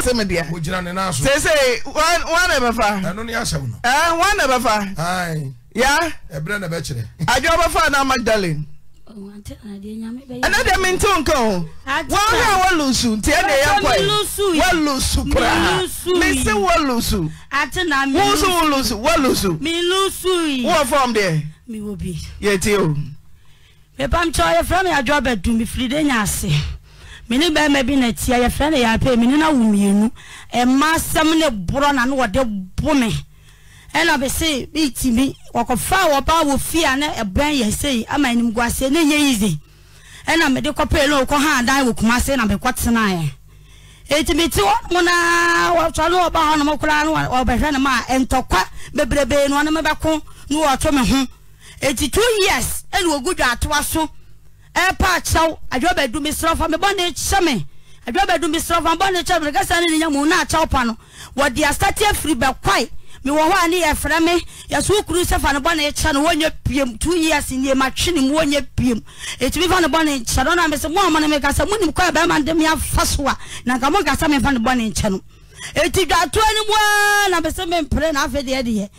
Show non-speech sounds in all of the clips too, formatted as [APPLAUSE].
asɛm deɛ ogyina ne nan so sese wan wan na bɛfa ɛno ne asɛm no ɛɛ wan na bɛfa ayi ya ɛbrɛ na bɛkyerɛ adwa bɛfa na magdalen oh, ah, ɛnɛ deɛ mente wo nka ho wɔhwɛ a ah. wɔlusu nti ɛne ɛyɛ kɔe wɔlusu koraa mese wɔlusu wo so wolusu wɔlusu wowɔ fam deɛ yɛtie o mepamkyɛ ɔyɛfrɛ me adwa bɛdu mefiri de nya ase mene bɛma bi na tia yɛfrɛ e ne yɛapɛ mene na wo mmienu ɛma asɛm ne borɔ na ne wɔde bo me ɛna e si bitimi wɔkɔfa wɔba wɔ fie e a ne ɛbɛn yɛ yi ama anim guaseɛ ne yɛ yize ɛna mede kɔpɛ no wɔkɔ ha adan wɔ kuma se na eti mi ti wɔn mu naa wɔtɔ ne hɔ nom koraa ne ne ntɔkwa eti two years ɛna wɔgu ɛpa akyɛw adwa bɛdu mi srɔfa mi bɔ ne kyɛ mi adwa bɛdu mi srɔfa bɔ ne kyɛ mi kasa ne ne nya mu na akyɛw pa no wɔde asate afiri bɛkwae mi wɔ kuru sɛ fa ne bɔ ne two years nie ma twe ne mu wɔnyɛ piem etumi fa na mi sɛ mo a mo ne mi kasa mo nim na nka kasa mi fa ne eti dwa toa ne mu a na mi sɛ mi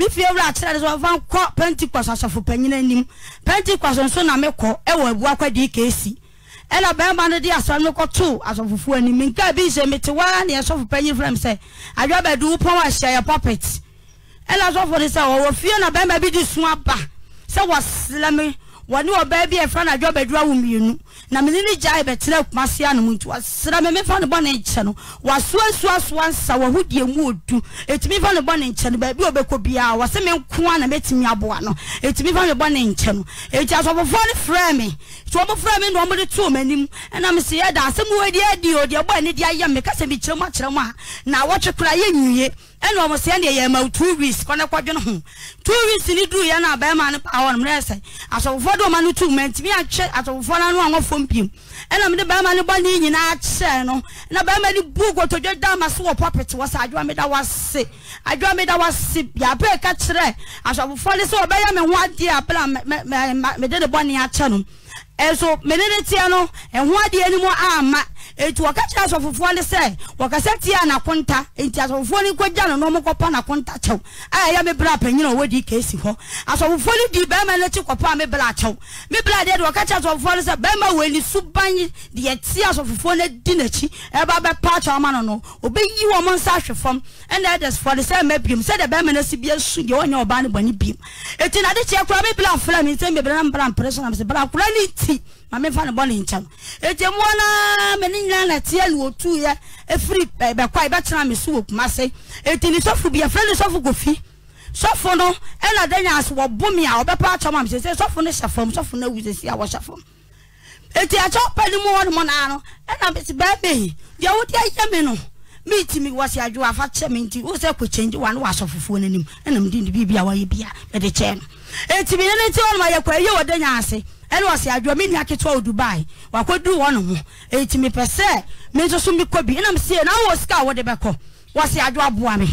me fie wura kyerɛ sɛ ɔfa nkɔ pentecost asɔfo panyina anim pentecost nso na mekɔ ɛwɔ abua kwadi kɛsi ɛna bɛrima no de asɔre no kɔtoo asɔfofoɔ anim nka bi sɛ mete waa ne ɛsɔfo panyin frɛ m sɛ adwa bɛde wo pɔn ahyɛ yɛ pɔpet ɛna asɔfo no sɛ wɔwɔ fie na bɛrima bi de su aba sɛ wɔsrɛ me wɔne ɔbaa bi ɛfrɛ no adwa bɛdua wo mmienu na mene ne gyae bɛtena akuma se ano mu nti wasra me mefa ne bɔne nkyɛ no wasoasuasoa nsa wahodie mu ɔdu ɛtumi fa ne bɔne nkyɛ no baabi a ɔbɛkɔ biara wɔse me nko a na mɛtumi aboa no ɛtumi fa ne bɔne nkyɛ no ɛnti asɔfofoɔ no frɛ me nti wɔmfrɛ me na wɔmde too m'anim ɛna mesɛ yɛda asɛm wɔdi adi o deɛ bɔɛ ne de ayɛ me kasɛ mekyerɛ mu akyerɛ mu a na wɔtwe kora yɛnwie ɛna ɔmo sɛ deɛ yɛ ma two weeks kɔnɛ kɔdwene ho two weeks ni duru yɛ na bɛrima no pa awɔ no mmerɛ sɛ asɔfofoɔ de ɔma no tu mɛntumi akyɛ asɔfofoɔ no ano a wɔfɔ mpiem ɛna mo de bɛrima no bɔ ne nyinaa kyerɛ no na bɛrima no bu kotodwe da ma so wɔ pɔpɛt wɔ sɛ adwuma mi da wɔ se adwuma mi da wɔ se yabɛ ɛka kyerɛ asɔfofoɔ no sɛ ɔbɛyɛ me ho adeɛ apɛla mɛ mɛ mɛ de ne bɔ ne akyɛ no ɛnso mɛ ne ne teɛ no ɛho adeɛ ne mu ama eti wɔka kyerɛ asɔfofoɔ ne sɛ wɔkasa tia n'akonta eti asɔfofoɔ ne kɔgya no na ɔmo kɔpa n'akonta kyɛw a ɛyɛ me bra panyin a wɔdi keesi hɔ asɔfofoɔ ne di bɛrima n'akyi kɔpa a me bra akyɛw me bra deɛ de wɔka kyerɛ asɔfofoɔ ne sɛ bɛrima wɔ ani suban deɛ tia asɔfofoɔ ne di n'akyi ɛba e bɛpa akyɛw ama no no obɛyi wɔn nsa ahwɛ fam ɛna ɛdɛ fɔ de sɛ ɛmɛ biem sɛ de bɛrima n'asi bi esu deɛ ɔnyɛ ɔbaa ne bɔ ne biem eti n'ade kyerɛ koraa me bra afra mi nsɛm bebree na mbra mpere so na mbra akora ne ti maame fa ne bɔ ne nkyɛn eti mu na me ne nyinaa na tie lu otu yɛ efiri bɛkɔ a yɛbɛtena me so wɔ kuma se eti ne sɔfo bi efiri ne sɔfo kɔ fi sɔfo no ɛna de nya ase wɔ bo mi a ɔbɛpɛ akyɛw ma mi sese sɔfo no hyɛ fam sɔfo no awu sese a wɔhyɛ fam eti akyɛw pɛ ne mu hɔ ne mu naa no ɛna bɛsi bɛɛbɛ yi deɛ wodi ayɛ mi no mi ti mi wɔ si adwo afa kyɛ mi nti o sɛ kɔ kyɛn wa ne wasɔ fufuo n'anim ɛna mi di ne bi bi a wɔyɛ bi a kyɛn no eti mi ne ne ti hɔ no ma kɔ eyi wɔ de nya ase ɛna ɔsi adwa mi nua ketewa o dubai wakɔdu wɔn ho eti mi pɛ sɛ mi nso so mi kɔ bi ɛna mi si yɛ na awɔ sika a wɔde bɛkɔ wɔsi adwa aboa mi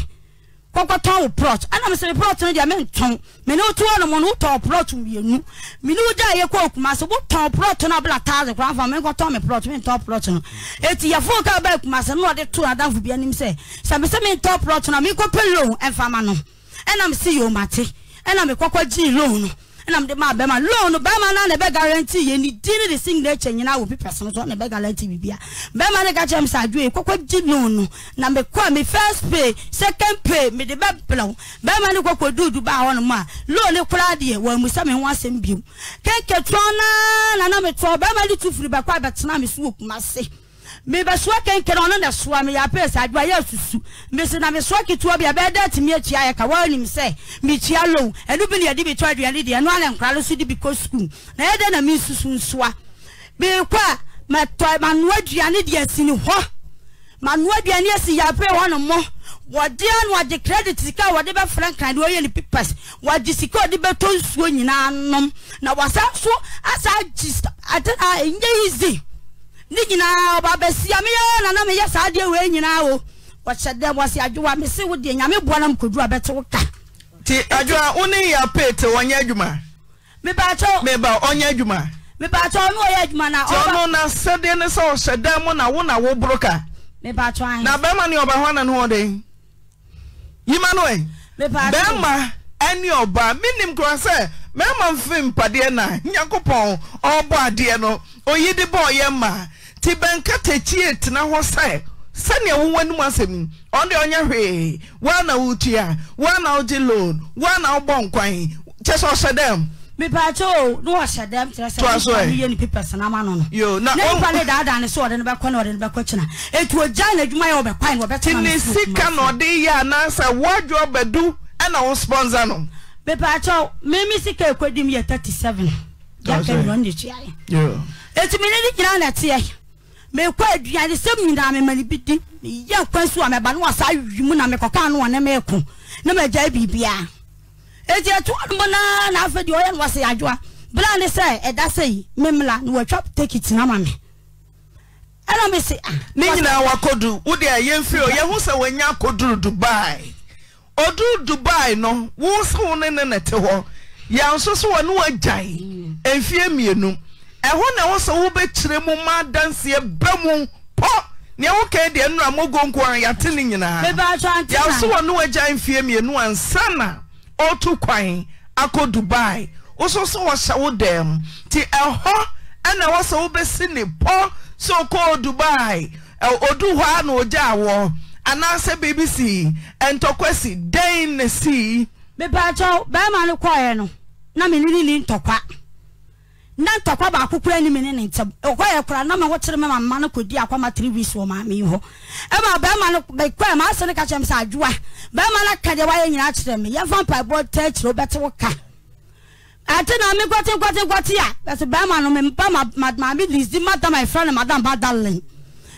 kɔkɔ tɔn o plot ɛna mi sɛ mi plot no deɛ mi ntɔn mi ni o tu wɔn mo no o tɔn o mienu mi ni o yɛ kɔ okuma so o tɔn o no abila taazin kora fa mi nkɔ mi plot mi ntɔn plot no eti yɛ fo kaa bɛɛ kuma sɛ no ɔde to adanfo bi anim sɛ sɛ mi sɛ mi ntɔn plot no mi kɔ pe loan ɛnfama no ɛna mi si yɛ ma te ɛna mi kɔkɔ gyi loan no ɛna mede maa bɛrima loan no bɛrima no na ɛbɛ guarantee yɛ ne din ne de signature nyinaa wɔ pepɛ so no so na ɛbɛ guarantee bibia bɛrima no ka kyerɛ me sɛ adwoe kɔkɔ gye loan no na mekɔ me first pay second pay mede bɛbrɛw bɛrima no kɔkɔ duudu baa hɔ nom a loan no koraa deɛ wɔamu sɛ me ho asɛm biom kɛnkɛtoɔ naa na na metoɔ bɛrima no tu firi bɛkɔ abɛtena me so wɔ kumase Me ba swa ken ken ona na swa me ya pe sa adwa ya susu. Me se na me swa ki mesoa ketewa bi a bɛda tumi akyia yɛ ka woanim sɛ mekyia low ɛno bi ne yɛde bitɔ aduane deɛ ɛno ana nkora no so de bi kɔ sukuu na yɛdɛ na mensusu nsoa meekɔ a matɔ manoa aduane deɛ asi ne hɔ manoa aduane asi yɛapɛ hɔ no mmɔ wɔde ano wɔde credit sika wɔde bɛfrɛ nkran de wɔyɛ ne papers di sika wɔde bɛtɔ nsuo nyinaa nom na wa sa so asa agyi ade a ɛnyɛ easy ne nyinaa ɔbabɛsia meyɛ nana meyɛ saa deɛ we nyinaa whyɛ da ms adww mse wodeɛ nyameboa no md bɛte wokawnyp ɛ awaɛ wannasɛdeɛ n sɛ ɔhyɛ da m na wona wo brɔkana bɛma ne bahɔana nhd ia m nbamn ka sɛ mmarima mfe mpadeɛ na nyankopɔn ɔrebɔ adeɛ no oyi de bɔ ɔyɛ mmaa ti bɛnka takyie tena hɔ sɛ sɛnea wowɔ anim asɛm ɔno deɛ ɔnyɛ hwee woa na wotua woa na wogye loan woa na wobɔ nkwan kyɛ sɛ ɔhyɛ dɛm mipaakyɛw ne wɔhyɛ dɛm kyerɛ sɛ ne yɛ ne papers na ama no no na nipa ne daadaa ne so ɔde ne bɛkɔ na ɔde ne bɛkɔ kyina etu ogya na adwuma yɛ ɔbɛkwan na ɔbɛtena ne sika na ɔde yɛ anaasɛ wɔadwo ɔbɛdu ɛna wo sponsor no mepɛakyɛw meme sika ɛkɔdim yɛ 37 yɛkanɔnekyiaɛ ɛti mene ne gyina na ɛteɛ mekɔ aduane sɛm nyinaa memane bi di meyɛ nkwa su a mɛba ne wasaa mu na mekɔka no na meeko ne magyae biribiaa ɛti ɛtoa na afɛ deɛ ɔyɛ no wɔse adwoa bela ne sɛ ɛda sɛ yi na wɔatwa tekitena ma nyina a o dubai ɔduru dubai no wo so wo ne ne ne te hɔ yɛ nso so wɔ ne woagyae mfeɛ mm. mmienu na ne ɛwɔ sɛ wobɛkyerɛ mu ma adanseɛ bɛ mu pɔ nea wokae deɛ nnura mɔgonko a yɛate ne nyinaa yɛnso wɔ ne woagyae mfeɛ mmienu ansa na otu kwan akọ dubai wo so so wɔhyɛ wo dɛm nti ɛhɔ ɛna ɛwɔ sɛ wobɛsi ne pɔ sɛ ɔkɔɔ dubai ɔdu hɔ a na ɔgyaa anaasɛ biribi si ntɔkwa si dɛn na si. bipaakyɛw bɛrima no kɔɔɛ no na mene ne ni ntɔkwa na ntɔkwa baako kura ne mene ne ntɛm ɔkɔyɛ kura na ma wɔkyerɛ me mama no akɔma three weeks wɔ maame yi hɔ ɛma bɛrima no bɛkɔɛ ma asɛ no ka kyerɛ me sɛ adwoa bɛrima no ka deɛ wayɛ nyinaa kyerɛ me yɛmfa mpaebɔ ta akyirɛ wobɛte wo ka ate na me nkɔte nkɔte nkɔte a bɛsɛ bɛrima no mempɛ maame lisi madam ɛfrɛ no madam badalen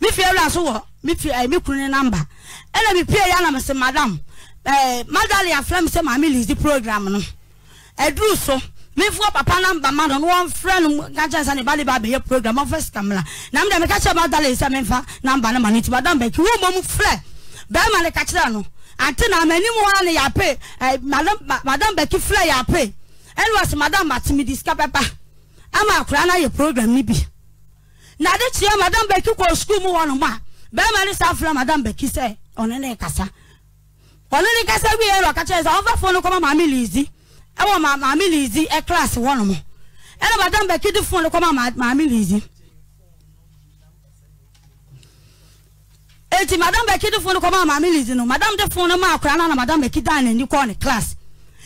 mi fie wura so wɔ me fie ɛɛ me kunu namba ɛna mi pie ya na me se madam ɛɛ madali afra me se maame lidi program no ɛduru eh, so me fo papa namba ma no na wɔn frɛ no kankyɛn sɛ ne ba de ba program ɔfɛ sitamla na me dɛ me madali sɛ me nfa namba ne ma ne ti madam bɛki wo mɔ mu frɛ bɛrima ne kakyɛ no ante na ama anim hɔ ne yape ɛɛ eh, madam madam bɛki frɛ yape ɛna wɔ se madam ma ti mi di sika pɛpa ama akora na yɛ program ni bi na ade kyerɛ madam beki kɔ sukuu mu hɔnom a bɛrima ne saa frɛ madam beki sɛ ɔne ne kasa ɔne ne kasa wie na ɔka kyerɛ sɛ ɔmfɛfoɔ no kɔma maame lizi ɛwɔ maame lizi ɛklas hɔnom ɛna madam beki de fon no kɔma maame lizi eti madam beki de fon no kɔma maame lizi no madam de fon no ma akora na na madam beki dan n'ani kɔɔ ne klas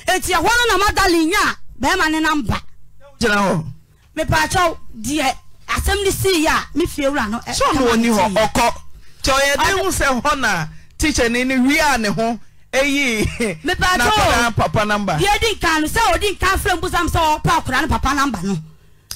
eti ɛhɔ no na madali nya bɛrima ne namba gyina hɔ mepaakyɛw deɛ asɛm ne sii ya. me fie wura no ɛka sɔɔ no wɔ ni hɔ ɔkɔ kyɛ ɔyɛ de hu sɛ hɔ na tikya ni ne wia ne ho eyi [LAUGHS] n'akɔda papa namba. bia di nkan no sɛ odi nkan fura mbusam sɛ ɔpa akora no papa namba no.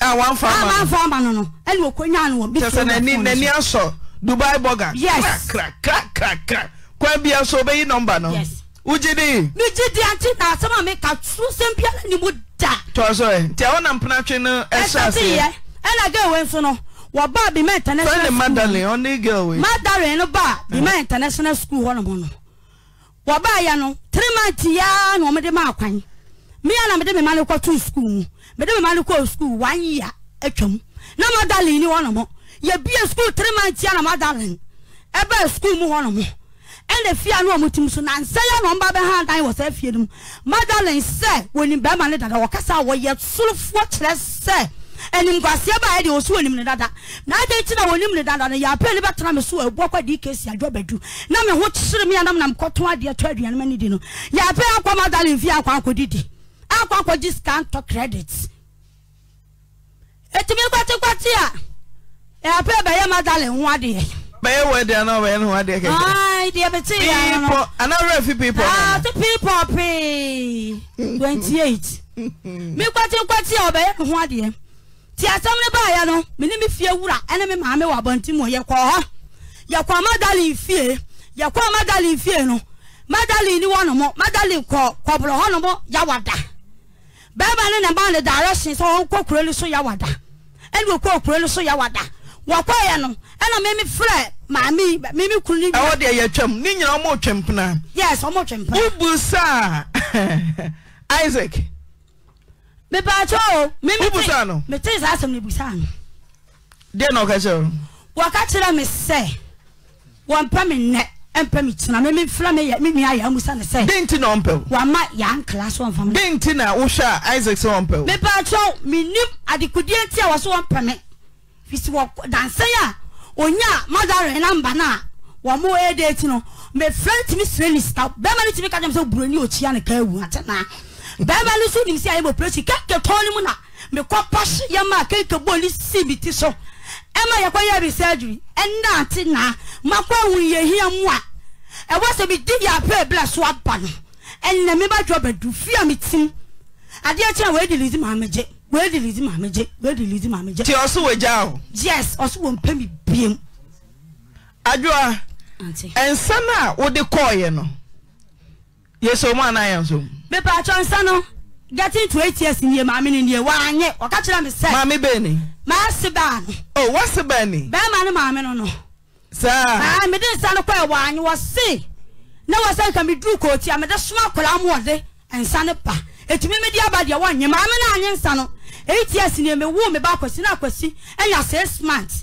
a wɔn fa ama no a wɔn fa ama no no ɛna okonya no wɔ bi turu ne fone so. n'ani asɔ dubai burger. yes kra kra kra kra kwan bia so obeyi namba no. yes wugidi. mi gidi ati na asɛm a mi ka turu sɛm biara ni mu da. tɔɔso yɛ nti a wɔnam penatwe no ɛhyɛ aseɛ. ɛsɛ ti yɛ ɛna girl wei nso no wɔbaa bima international school sani madalin ɔne girl wei madalin no baa eh. bima international school hɔ nom no wɔbaa ya no three months yaa na wɔde ma akwan mmea na mede mema no kɔto school mu mede mema no kɔɔ school one year atwam na madalin ni hɔ nom yɛbie school three months ya na madalin ɛbɛɛ school mu hɔ nom ɛna fie a na wɔn ti so na nsa yɛ na wɔn ba bɛha dan wɔ sɛ fie no mu madalin sɛ wɔn ni bɛrima ne dada wɔkasa wɔyɛ sorofoɔ kyerɛ sɛ ɛnim kwaseɛ ba ɛde osu onim ne dada na adi ekyi na onim ne dada no yapɛ ne bɛtena me so ebu akɔ di kesi adwa bɛdu na me ho kyerɛ mi anam nam kɔtɔn adeɛ tɔ aduane ma ne di no yapɛ akɔ ma dali nfi akɔ akɔ didi akɔ akɔ gyi sika ntɔ credit etimi kwatekwate a yapɛ bɛyɛ ma dali ho adeɛ. bɛyɛ wɔ ɛdi anaa bɛyɛ ne ho adeɛ kɛkɛ. ayi deɛ bɛ ti yɛ ano. piipɔ anaa wura fi piipɔ. Ah, aa ti piipɔ pii [LAUGHS] twenty eight mi kwatekwate a ɔbɛyɛ ne ho adeɛ ti asɛm no baayɛ no mene me fie wura ɛne me maame wɔ abɔnten mu yɛkɔɔ hɔ yɛkɔɔ madalin fie yɛkɔɔ madalin fie no madalin ni wɔn mo madalin kɔ kɔbrɔ hɔ nom yawada bɛrima ne ne ba ne direction sɛ wɔnkɔ kuro no so yawada ɛne wɔkɔ kuro no so yawada wɔkɔɔyɛ no ɛna mimi filɛ maami mimi kun ni. ɛwɔ deɛ yɛ twɛm ne nyinaa ɔmo twɛm pina. yes ɔmo twɛm pina. ubu saa [LAUGHS] isaac. wka kere me se wpemene pemenassma kasmeto men adekoditiawswpeme ra tmi sren sa m ni kiane kawuatena bɛɛma no so nim sɛ ayɛ mɔ operation kɛkɛ tɔn no mu na mekɔ pɔhye yɛma a kɛkɛ bɔ ne si bi ti so ɛma yɛkɔ yɛ bi surgery ɛna ate naa makɔ awu yɛhia mu a ɛwɔ sɛ medi yɛ apɛ bla so aba no ɛnna meba dwa bɛdu fi a metim adeɛ kyerɛ wɔadi lidi maame gye wɔadi lidi maame gye wɔadi lidi maame gye. ti ɔso wɔ gya o. yes ɔso wɔ mpɛ mi biem. adwoa nsɛm a wode kɔɔyɛ no yɛsɛ mu anaa yɛ nsom mepɛatwɔ nsa no getting to eight years ni maame ni nie wanyɛ ɔka kyerɛ mi sɛ maame bɛɛ ni maa si baa ni o wa si baa ni bɛrima ne maame no no saa aa mi de nsa no kɔ yɛ wanyɛ wɔ si na wɔ sɛ nka mi duru kooti a mi de suma akwaraa mu ɔde nsa pa etumi mi di aba deɛ wɔnyɛ maame naa nye nsa no eight years ni mi wu mi ba akwasi na akwasi ɛnya six months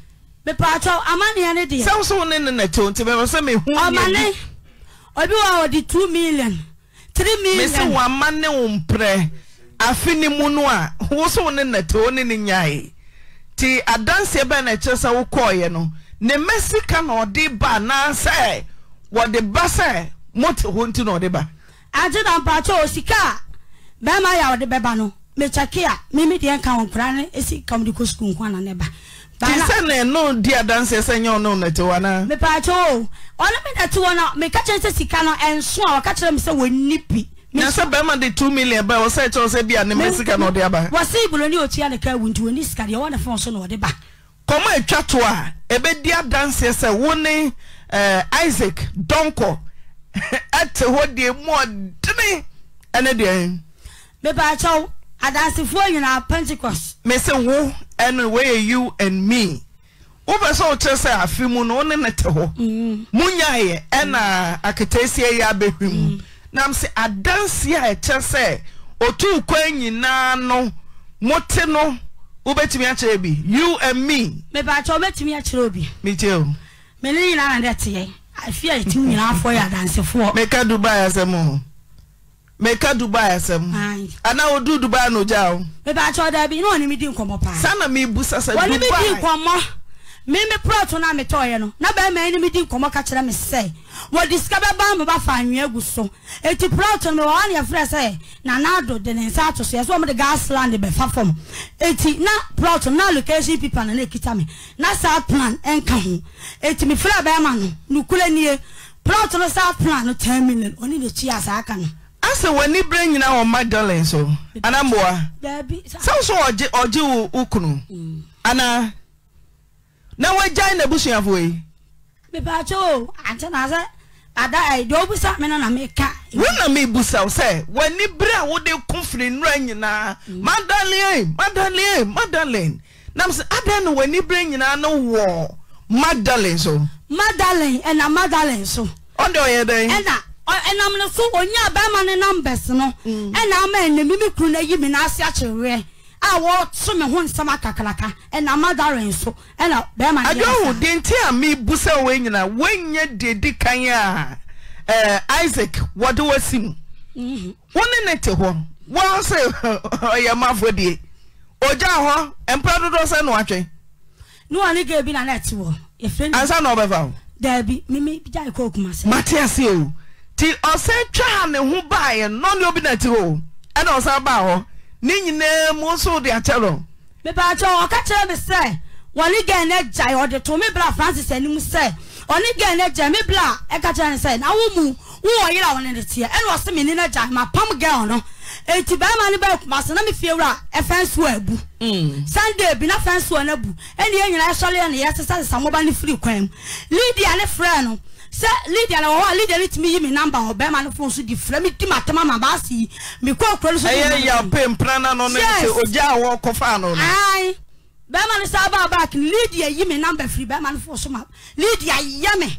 wsnenenaɛɛɔde miimese wo ama ne wo mprɛ afe ne mu no a wo so wo ne natɛo ne ne nyae nti adanseɛ bɛno kyerɛ sɛ wokɔɛ no nem'ɛ sika naɔde ba naasɛ ɔde ba sɛ oe hɔkaa ɛma yɛ wɔde bɛba nomkyɛkea medeɛ ka okra ne si kamdekɔ sko ko nan ba ti sɛ na ɛno di adanseɛ sɛ nyɛ ɔno nɛte wa na. mipaatwo o ɔno mi nɛte wɔ na meka kyerɛ sɛ sika no ɛnso a wɔka kyerɛ mi sɛ wɔnni bi. na sɛ bɛrima de two million bɛɛ wɔsɛ ɛkyɛw sɛ bi a ne ma sika na ɔde aba. wɔsi iboloni otua ne kaa wunti wɔn sika deɛ wɔn na fɛn so na ɔde ba. kɔmɔ atwa to a ebedi adanseɛ sɛ wo ɛɛ eh, isaac dɔnkɔ [LAUGHS] ɛte hɔ deɛ mu ɔdini ɛne deɛ. mipaatwo adansefoɔ nyinaa pentecost. mese wo ɛna wɔyɛ you and me wopɛ sɛ wokyerɛ sɛ afe mu no wone ne te hɔ monyaeɛ mm-hmm. ɛna mm-hmm. aketesia yi abɛhwi mu mm-hmm. nam sɛ adanseɛ a ɛkyɛ sɛ otu kwan nyinaa no mote no wobɛtumi akyerɛ bi you and me mebakyɛ wobɛtumi akyerɛ obi mekyɛ o mene nyinaa na dɛ teɛ afe a ɛtim nyinaa fɔ yɛ adansefoɔ meka dubai asɛm ho meka dubai asɛm ana odu dubai no gya wo mebakyɛ da bi na ɔne medi nkɔmmɔ paa saa mi mebu sasa ɔne medi mi meme prɔto mi a metɔɔyɛ no na bɛma ne medi nkɔmmɔ ka kyerɛ me sɛ wɔde sika bɛba me bafa anwea gu so ɛti prɔto no mewɔa ne yɛfrɛ sɛ nanaado de ne nsa ato so yɛ sɛ ɔmde gasland bɛfa fam ɛti na prɔto na location pipa no na ɛkita me na south plan ɛnka ho ɛti mefrɛ bɛma no ni nie prɔto no saa plan no ten million ɔne ne kyi a asɛ w'ani berɛ nyina wɔ magdalen so anaa mmoa so ɔgye ɔgye wo mm. Ana na anaa na woagyae n'abusuafo yi mepaakyɛ o ante na sɛ ada eh, deɛ wobusa me no na meka wona mebusa wo sɛ w'ani berɛ a wode ko firi nnura nyinaa magdalen magdalen magdalen nam sɛ adɛn na w'ani berɛ nyinaa no wɔ magdalen so magdalen ɛna magdalen so ɔde ɔyɛ dɛn ɛna ɛnam no so onye nam no mm. ɛna ama kuru a wɔto me ho nsɛm akakraka ɛna madare nso ɛna bɛrima no adwaho denti a mebu sɛ wɔi nyina woanya deɛ kan a eh, isaac wɔde wasi mu mhm. wo ne ne te hɔ wɔn sɛ [LAUGHS] ɔyɛ mafo die ogya hɔ mpra dodoɔ sɛ na ne ga ebi na wɔ ansa na ɔbɛfa gya okuma nti ɔsan twa ha ne ho baeɛ nɔne obi na ti hɔ ɛna ɔsan baa hɔ ne nyinaa mu nso de akyɛrɛ. mipaakyɛ ɔka kyerɛ mi sɛ wɔne gɛn ne gya ɔde to mi bla francis anim sɛ ɔne gɛn ne gya mi bla ɛka kyerɛ ne sɛ na mu wo wɔ yira wɔne ne teɛ ɛna ɔsi mi ne ne gya ma pam gɛn ɔno eti bɛrima ne bɛyɛ kumase na mi fie wura ɛfɛn mm. sunday bi na fɛn ɛna bu ɛna yɛn nyinaa ɛsɔre ɛna yɛ sisa sisa moba firi kwan mu lydia ne frɛ no sɛ lydia na wɔwɔ a lydia ne tumi yi mi namba hɔ bɛrima no fon so di fila mi di ma tɛma ma baasi yi mi kɔ kuro so. ɛyɛ yape mpirana no ne se ogya awɔ kɔfa ano no. ayi bɛrima no sábà baaki lydia yi mi namba firi bɛrima no fon so ma lydia yɛ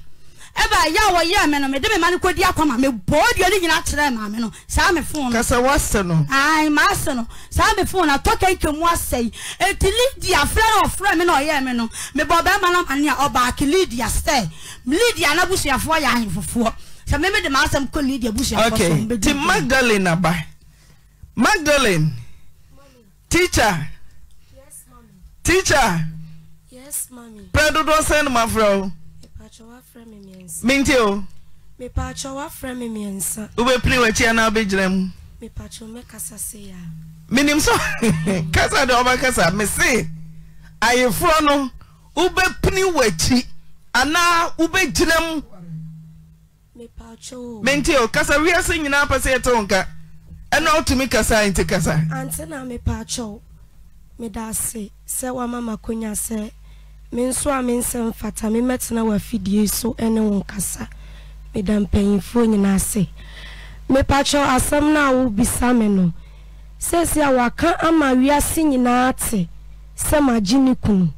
ɛba ya wɔ yi ɛmɛ no mɛ de mi ma ni ko di akɔma mɛ bɔɔ diɛ ni nyina kyerɛ maame no saa mi fon no. kasa wa sɛ no. ayi maa sɛ no saa mi fon na tɔkɛ ike mu asɛ yi eti lidia filɛ na ɔfrɛ mi na ɔyɛ mi no mɛ bɔ bɛrima na ma ni a ɔbaaki lidia sɛ lidia na busuafoɔ yɛ ahen fufuo sɛ mi de maa sɛm ko lidia busuafoɔ sɔn bɛ di. ok ti magdalene aba magdalene teacher yes, teacher yes, pɛ dodo sɛ ni ma fura o. eni wobɛpni w'akyi anaa wobɛgyina mu menim nso [LAUGHS] kasa de ɔba kasa mese ayeforɔ no wobɛpini w'akyi anaa wobɛgyina mu mentio kasa wia sɛ nyinaa pɛ sɛ ɛte wo ka ɛne otumi kasaa nti kasa me nso a me nsa mfata me mɛtena wɔ so ne wo nkasa meda mpanyimfoɔ nyinaa ase mepakyɛ asɛm no a wobisa me no sɛsi a waka ama wiase nyinaa te sɛ magye ne kunu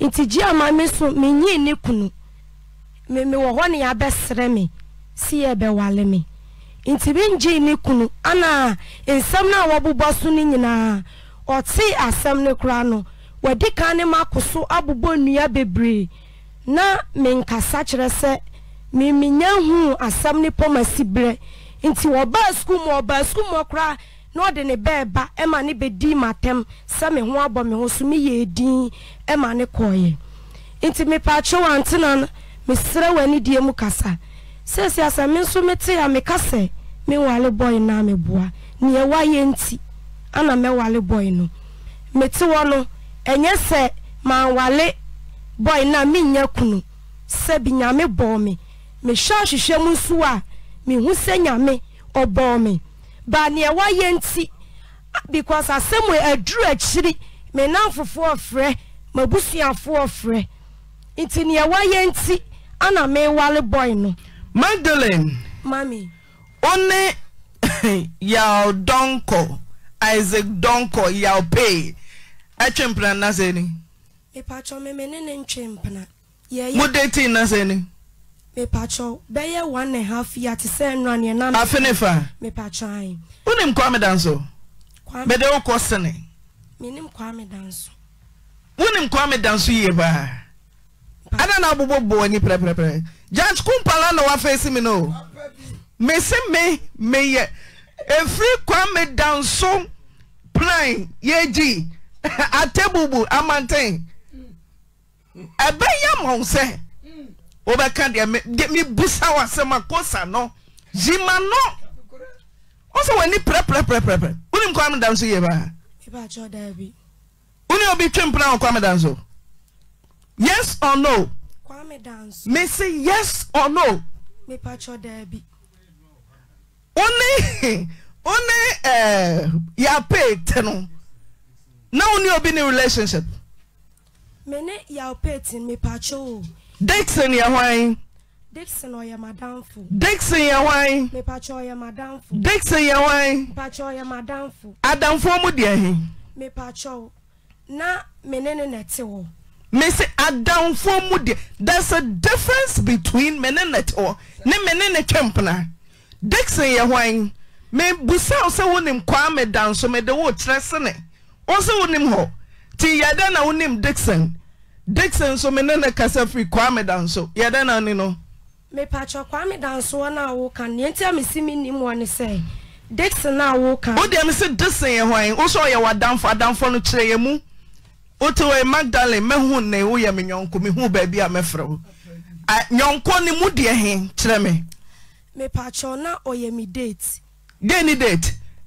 nti gye ama me so menyii ne kunu mewɔ hɔ ne yɛabɛsrɛ me si yɛ bɛwale me nti mengyee ne kunu anaa nsɛm no a wɔbobɔ so no nyinaa ɔtee asɛm no koraa no wɔde kan ne ma ako so abobɔ nnua bebree na menkasa kyerɛ sɛ miminya huu asɛm ne pɔm asi berɛ nti wɔbaa sukuu mu ɔbaa sukuu mu ɔkora na ɔde ne bɛɛ ma ne bɛdi matɛm sɛ me ho abɔ me ho so meyɛ din ɛma ne kɔɔyɛ nti mepaakyɛ wantena no mesrɛ w'ani die mu kasa sɛsi asɛ me nso mete a meka sɛ mewale bɔe na meboa neɛ wayɛ nti ana mɛwale bɔe no mete hɔ no ɛnyɛ sɛ manwale bɔi na menyɛ kunu sɛ bi nyame bɔɔ me mehwɛ ahwehwɛ mu nso a mehu sɛ nyame ɔbɔɔ me baa neɛ wayɛ nti because asɛm aduru akyiri me namfofoɔ frɛ mabusuafoɔ frɛ nti neɛ wayɛ nti ana mewale bɔi no magdalen mami one [LAUGHS] yaw dɔnkɔ isaac dɔnkɔ yaw pay atwimpera nasenimodati naseni afenefa onim kwa medaso mede wokɔsene wonim koamedanso yeba anana boboboyiprɛprrɛ ja kompala nawafesemi n mese me meyɛ fri kwa medanso plan yegi atebubu amanten ɛbɛyɛ ma wo sɛ wobɛka deɛ mebusa wo asɛm akosa no yima no wo sɛ w'ani prɛprɛprɛprɛprɛ wonim kwa meda nso yɛ baa wone obi twe mpena wɔ kwa meda nso yes or no Me mese yes or no wone wone yɛapɛ te no na wo ne obi ne relationship mene yawpetin mepakyɛ o dixon yɛ hwan Dixon yɛ madamfo. Dixon yɛ hwan. Mipatsɔ yɛ madamfo. Dixon yɛ hwan. Mipatsɔ yɛ madamfo. Adamfo mu deɛ he. Mipatsɔ na mene ne na te hɔ. Mese adamfo mu deɛ there's a difference between mene na te hɔ ne mene ne twɛ mpena. Dixon yɛ hwan. Mebusaw sɛ wo ne nkwame danso mede wo kyerɛ sene. wo sɛ wonim hɔ nti na wonim dikson dikson nso me ne ne kasa firi kwaa meda nso yɛdɛn na woni no mepakyɛ kwaa medansoɔ no na neɛnti a mesi menim wɔ ne sɛ dikson no awoka wodeɛ me se dikson yɛ hɔn wo sɛ ɔyɛ w'adamfo adamfo no kyerɛ yɛ mu wote wɔyɛ magdalen mɛhu ne woyɛ me nyɔnko mehu baabi a mɛfrɛ wo nyɔnko ne mu deɛ he kyerɛ me mepakyɛ na ɔyɛ me date dɛ ne date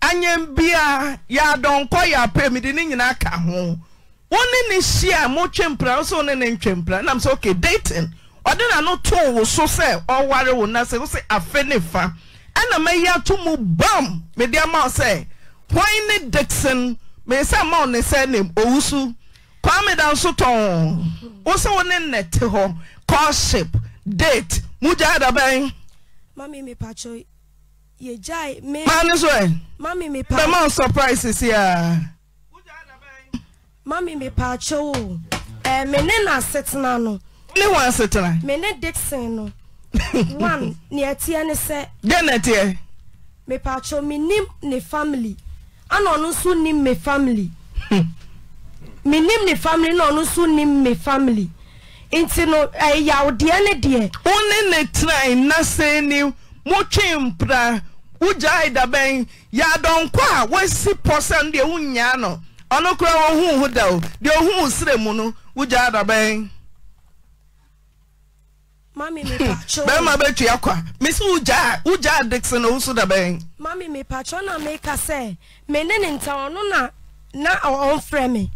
ayambia yɛadɔnkɔ yɛpɛ mede ne nyina ka ho wo ne ne yia mowapawosonene aɛde na no toɔ wo so sɛ ɔware wonaswos f ne a ɛnamɛyato mu ba medemao sɛ ɔn ne diso mesa ma ne sɛne s kamedasoɔ wo sɛ wo ne nɛte hɔ cship ategyadabɛ yɛgyae me maa no so ɛ mami me pa bɛma wo surprise mami mi pa akyɛw o me ne na asetena no ne wɔn asetena me ne dixon no one [LAUGHS] nea ɛteɛ ne se. deɛ na ɛteɛ me pa akyɛw me nim ne family Ano ɔno nso nim me family [LAUGHS] me nim ne family na ɔno nso nim me family Inti no eh ɛyɛ awodeɛ ne deɛ wɔn ne ne na se sɛ Muchimpra Ujai da ben Ya don kwa Wesi posen de unyano Ano kwa wuhu hudew De wuhu usre munu Ujai da ben Mami mepacho Ben mabetu ya kwa Misi ujai Ujai dixen usu da ben Mami mepacho na meka se Menene ou onuna Na onfremi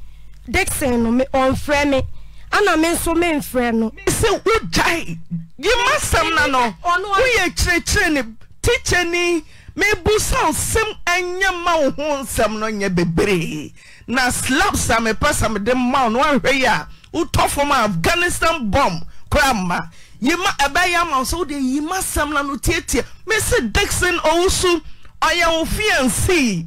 Dixen onfremi ana me nso memfrɛ no sɛ wogyae yima sɛm na no woyɛ kyerɛkyerɛ ne tikyɛni mebu sa nsɛm ɛnyɛ ma wo ho nsɛm no nyɛ bebree na slaps a mepɛ sɛ mede ma wo no woahwɛ yi a wotɔ fam afghanistan bomb koraa mma yima ɛbɛyɛ ama wo sɛ wode yima sɛm na no tietie mese dixon ɔwo so ɔyɛ wo fiansii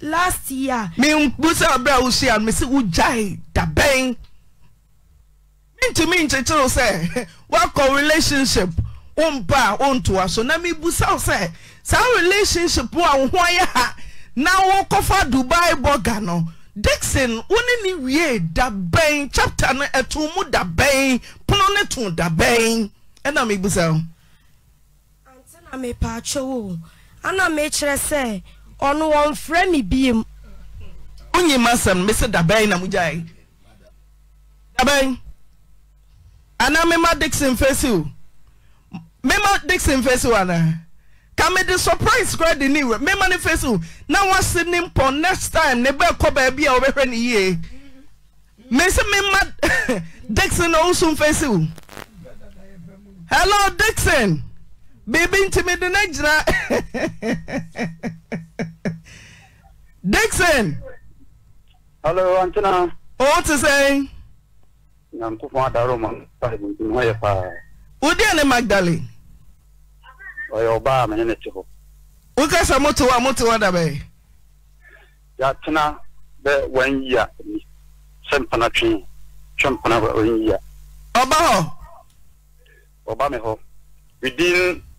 last year. mi mbusa abira wusi a mi si wujai dabɛn mi ntumi nkyekyere sɛ wakɔ relationship wompa a wontoa so na mi busa sɛ saa relationship wo a wo ho ayɛ ha na wɔkɔfa dubai bɔga no dixon wone ne wie dabɛn chapter no ɛto mu dabɛn pono ne to dabɛn ɛna mi busa. ante na mi pa wo ana mi kyerɛ sɛ. ɔno wɔmfrɛ me biem wonyima sɛm me sɛ dabɛn na mogyae dabɛn anaa mema dixon fɛsi o mema dixon fɛsi o anaa ka mede surprise kora de ne wura mema ne fɛsi o na wase ne mpɔn next time ne bɛɛkɔ baabi a wɔbɛhwɛ ne yie me sɛ mema dixon na wo so o hello dixon biribi ntumi de ne gyina dixon. hello antina. o oh, ti sẹ́yìn. nyankofun adarọ ma nípa ìbùntún wọn yẹ paa. wòdi ẹni magdali. ọyọ ọba àmì ẹni ti hù. wókàsá mo ti wá mo ti wá dàbẹ. yàtúná bẹ wọn yíya sẹ twin twẹ wọn yíya. ọba hɔ. ọba mi hɔ within.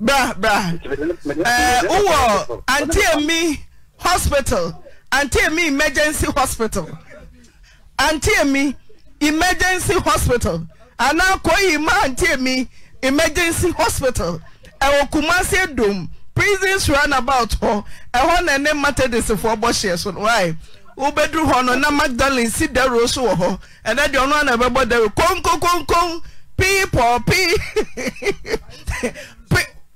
bra bra ɛɛ wowɔ antiemi hospital antiemi emergency hospital antiemi emergency hospital anaa kɔyi ma antiemi emergency hospital ɛwɔ kumasi edom prisons runabout hɔ ɛhɔ na ɛne matadisifoɔ bɔ hyɛ so no waaye wobɛduru hɔ no na magdalen si dɛro so wɔ hɔ ɛnɛ deɛ ɔno ana ɛbɛbɔ dɛro konkonkonkon pii pɔɔ pii.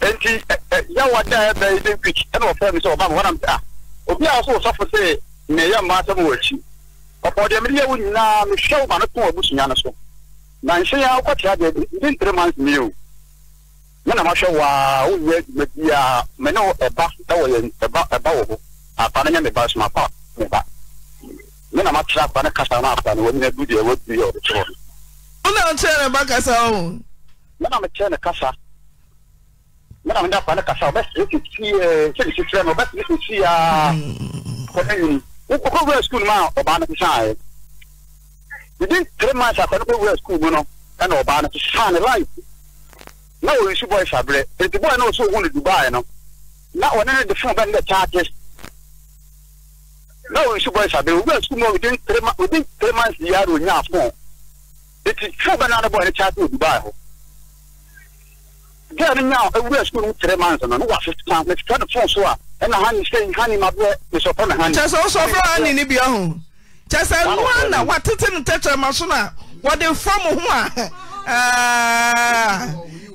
nti yàwọ dẹ bẹ ẹdẹ quick ẹna ọfẹ mi sẹ ọba mi wọn nam sẹ a obi a ọsọ ọsọfọ sẹ na ẹyẹ mmaa sẹ mo wọ akyi ọpọ deɛ mede yɛ wo nyinaa mehwɛ wo ma no pon abusua no so na nhyɛ yɛ wokɔtea deɛ mede ntere months mie o me na mahwɛ wo a woyɛ adwuma bi a me ne wo ɛba ɛwɔ yɛ ɛba ɛba wɔ hɔ apa no nyɛ me ba so mapa me ba me na makyerɛ apa no kasa no apa no wanyina du deɛ wadu yɛ ɔde kyerɛ no wona nkyerɛ ne ba kasa o me na mekyerɛ ne kasa mena mende apa ne kasa ɔbɛsiri sisi ɛɛ sɛ sisi filɛ no ɔbɛsiri sisi aa kɔnɛ nyini wokɔ wura sukuu mu a ɔbaa no sisan yɛ within three months akɔnɛ kɔ wura sukuu mu no ɛna ɔbaa no sisan ne life na wɔn nsu bɔyɛ sabrɛ eti bɔyɛ na ɔsɛ ohun ne dubai no oh. na ɔne ne de fɛn bɛ ne de kyaate na wɔn nsu bɔyɛ sabrɛ wura sukuu mu a within three months within three months yɛ a de onya afɔn eti fɛn bɛ na ne bɔyɛ ne kyaate wɔ dubai hɔ. girl now ewura school mu three months na no wa fifty ndị na fifty pound so a ɛna hani sɛ hani ma bɛ mesɔfra na hani. kyesɛ osɔfra hani ni bi ɔho kyesɛ nua na watete ne tɛtɛ na wɔde fam ho a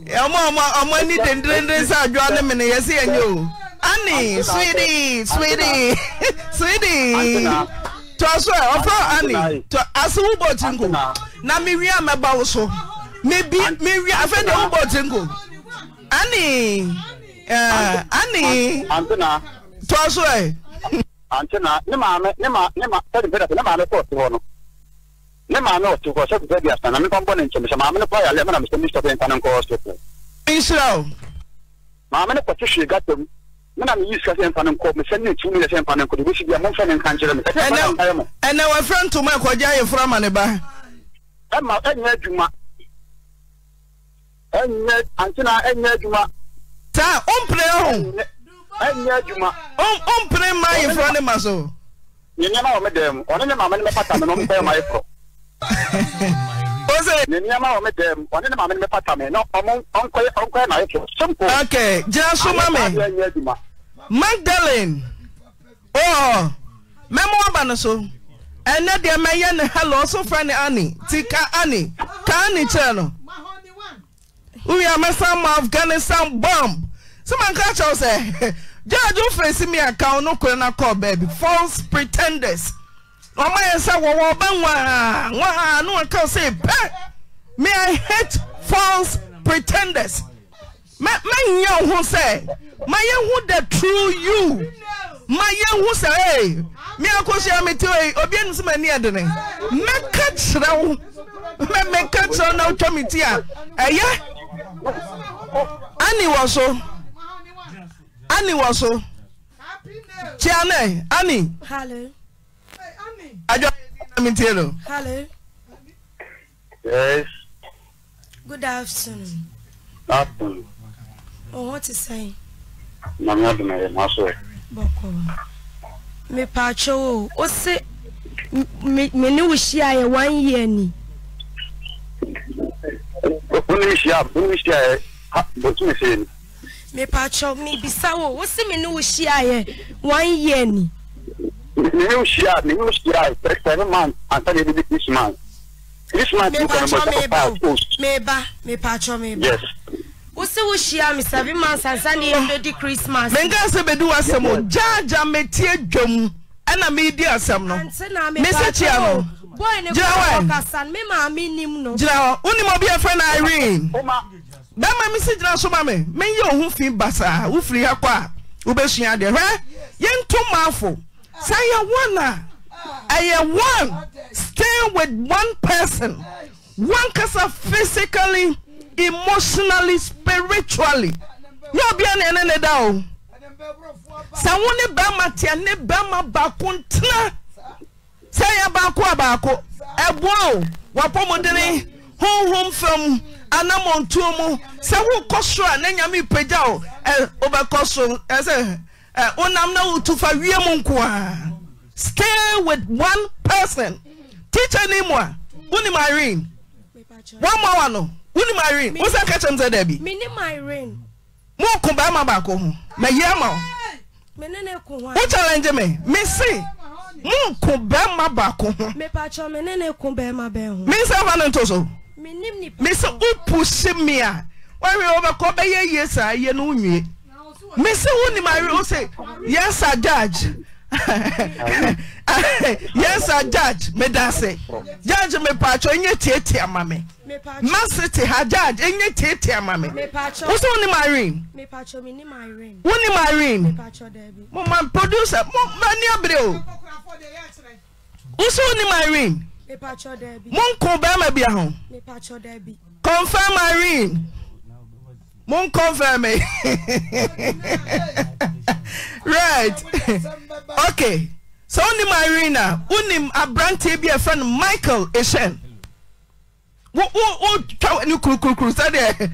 ɔmo ɔmo ɔmo ani dendenden sɛ adwa na mene yɛsi yɛnyɛ o ani swidi swidi swidi tɔ na mi wi amɛba wo so mi bi ani eh, ani antena to so ɛ antena ne maame ne ma ne ma sɛde fɛdɛ ne maame kɔɔ tiwɔ no ne maame ɔte hɔ sɛde fɛdɛ asa na mepa mbɔ ne nkyɛn sɛ maame ne kɔ yale ɛmɛna mesɛ mistɔ bɛnka ne nkɔɔ so fo nhyira o maame ne kɔte hwee gata mu mena meyi sika sɛ mfa no nkɔ mesɛ ne tu mu yɛ sɛ mfa no nkɔ de bɛsi bia momfa ne nka nkyerɛ me ɛnɛ wɔfrɛ ntoma ɛkɔgya yɛfora ma ne ba ɛma ɛnyɛ adwuma ɛnyɛ ankyena ɛnyɛ adwuma. saa o mpere ɛnyɛ adwuma. o um, mma yɛ fura ne ma so. nyɛ nneɛma wɔ me dan mu ɔne ne maame ne me pata na ɔmo bɛyɛ ma yɛ korɔ. ose. nyɛ nneɛma wɔ me dan mu ɔne ne maame ne me pata na ɔmo ɔnkɔyɛ ɔnkɔyɛ na yɛ korɔ simple. ok gyina so ma mi magdalen ɔɔ oh, mɛmo aba no so ɛnɛ deɛ mɛyɛ ne hello ɔso fɛ ne ani ti ka ani ka ani kyerɛ no. We are wowiamɛsa ma afghanistan bomb sɛ manka kyɛw sɛ gyaagye wofrɛ si mi aka wo no kore no false pretenders ɔmayɛ sɛ wɔwɔ ɔbɛ nwaa nwaa ne say. May i hate false pretenders mɛnyɛ who say? sɛ ma who the true you ma who say? Hey, me akɔhyia mete ei obianim sɛ mani adene mɛka kyerɛ wo mmemme katsọ eh, na ọtwa mi ti a ɛyɛ ani wɔ so ani wɔ so kyiane ani adwa mi ti no. Yes. Good afternoon. Afternoon. Oh, what is saying? Mami adumaye ma so ɛ. wa. Mipa atwa o, o se mi ni wusi ayɛ one year ni wonimhyia wonimhyia ɛ bɔtumi sɛ ni mepakyɛw mebisa wo wo se me ne wo hyiaeɛ one year ni mene wo hyia mene wo hyia seven month ansa ne ɛbɛbi six month six month meba mepakyɛw meba yes wo se wo hyia me seven months ansa ne yɛbɛdi christmas menka sɛ bɛdi w'asɛm o gyaagya metie dwam ɛna meedi asɛm no mesɛ kyia no gyina hɔ wonim obi ɛfrɛ no irene bɛma me sɛ gyina so ma me menyɛ me. fi basaa wofiri ha kɔ a de. adeɛ hwɛ yɛnto maafo sɛ one a ɛyɛ one stay with one person one kasa physically emotionally spiritually nyɛ obia ne ɛne ne da o sɛ wo ne bɛma teɛ ne bɛma baako sɛ yɛ baako a baako ɛboa o wapɔmudene honhom fam anamɔntuo mu sɛ wokɔ soro a na nyame pagya o ɛ wobɛkɔ one person teacher ni mu a wonim irene wɔmma wa no wonim irene wosan kɛkyɛm sɛ daabi mo ko bɛrima baako ho mayi challenge me me se mu nko bɛrima baako ho. mipatso mi ne ne kun bɛrima bɛn ho. mi nsa fa ne nto so. mi nim nipa. mi sɛ upu si mi a wɔyɛ wɔbɛkɔ bɛyɛ yie saa yɛ no nwie mi sɛ wɔn nim awie o sɛ yɛn sa judge. [LAUGHS] yes I judge me dance. judge mepatwo enye tietie ama me mase te ha judge enye tete amame. me wosi wonim irene wonim irene mo ma producer mo ma ni abere o wosi wonim irene mo nko bɛrima bi aho confirm irene. mo confirm me right okay so wonim irena wonim aberanteɛ bi a ɛfrɛ no michael eshen wotwa ne kurukurukuru sɛdeɛ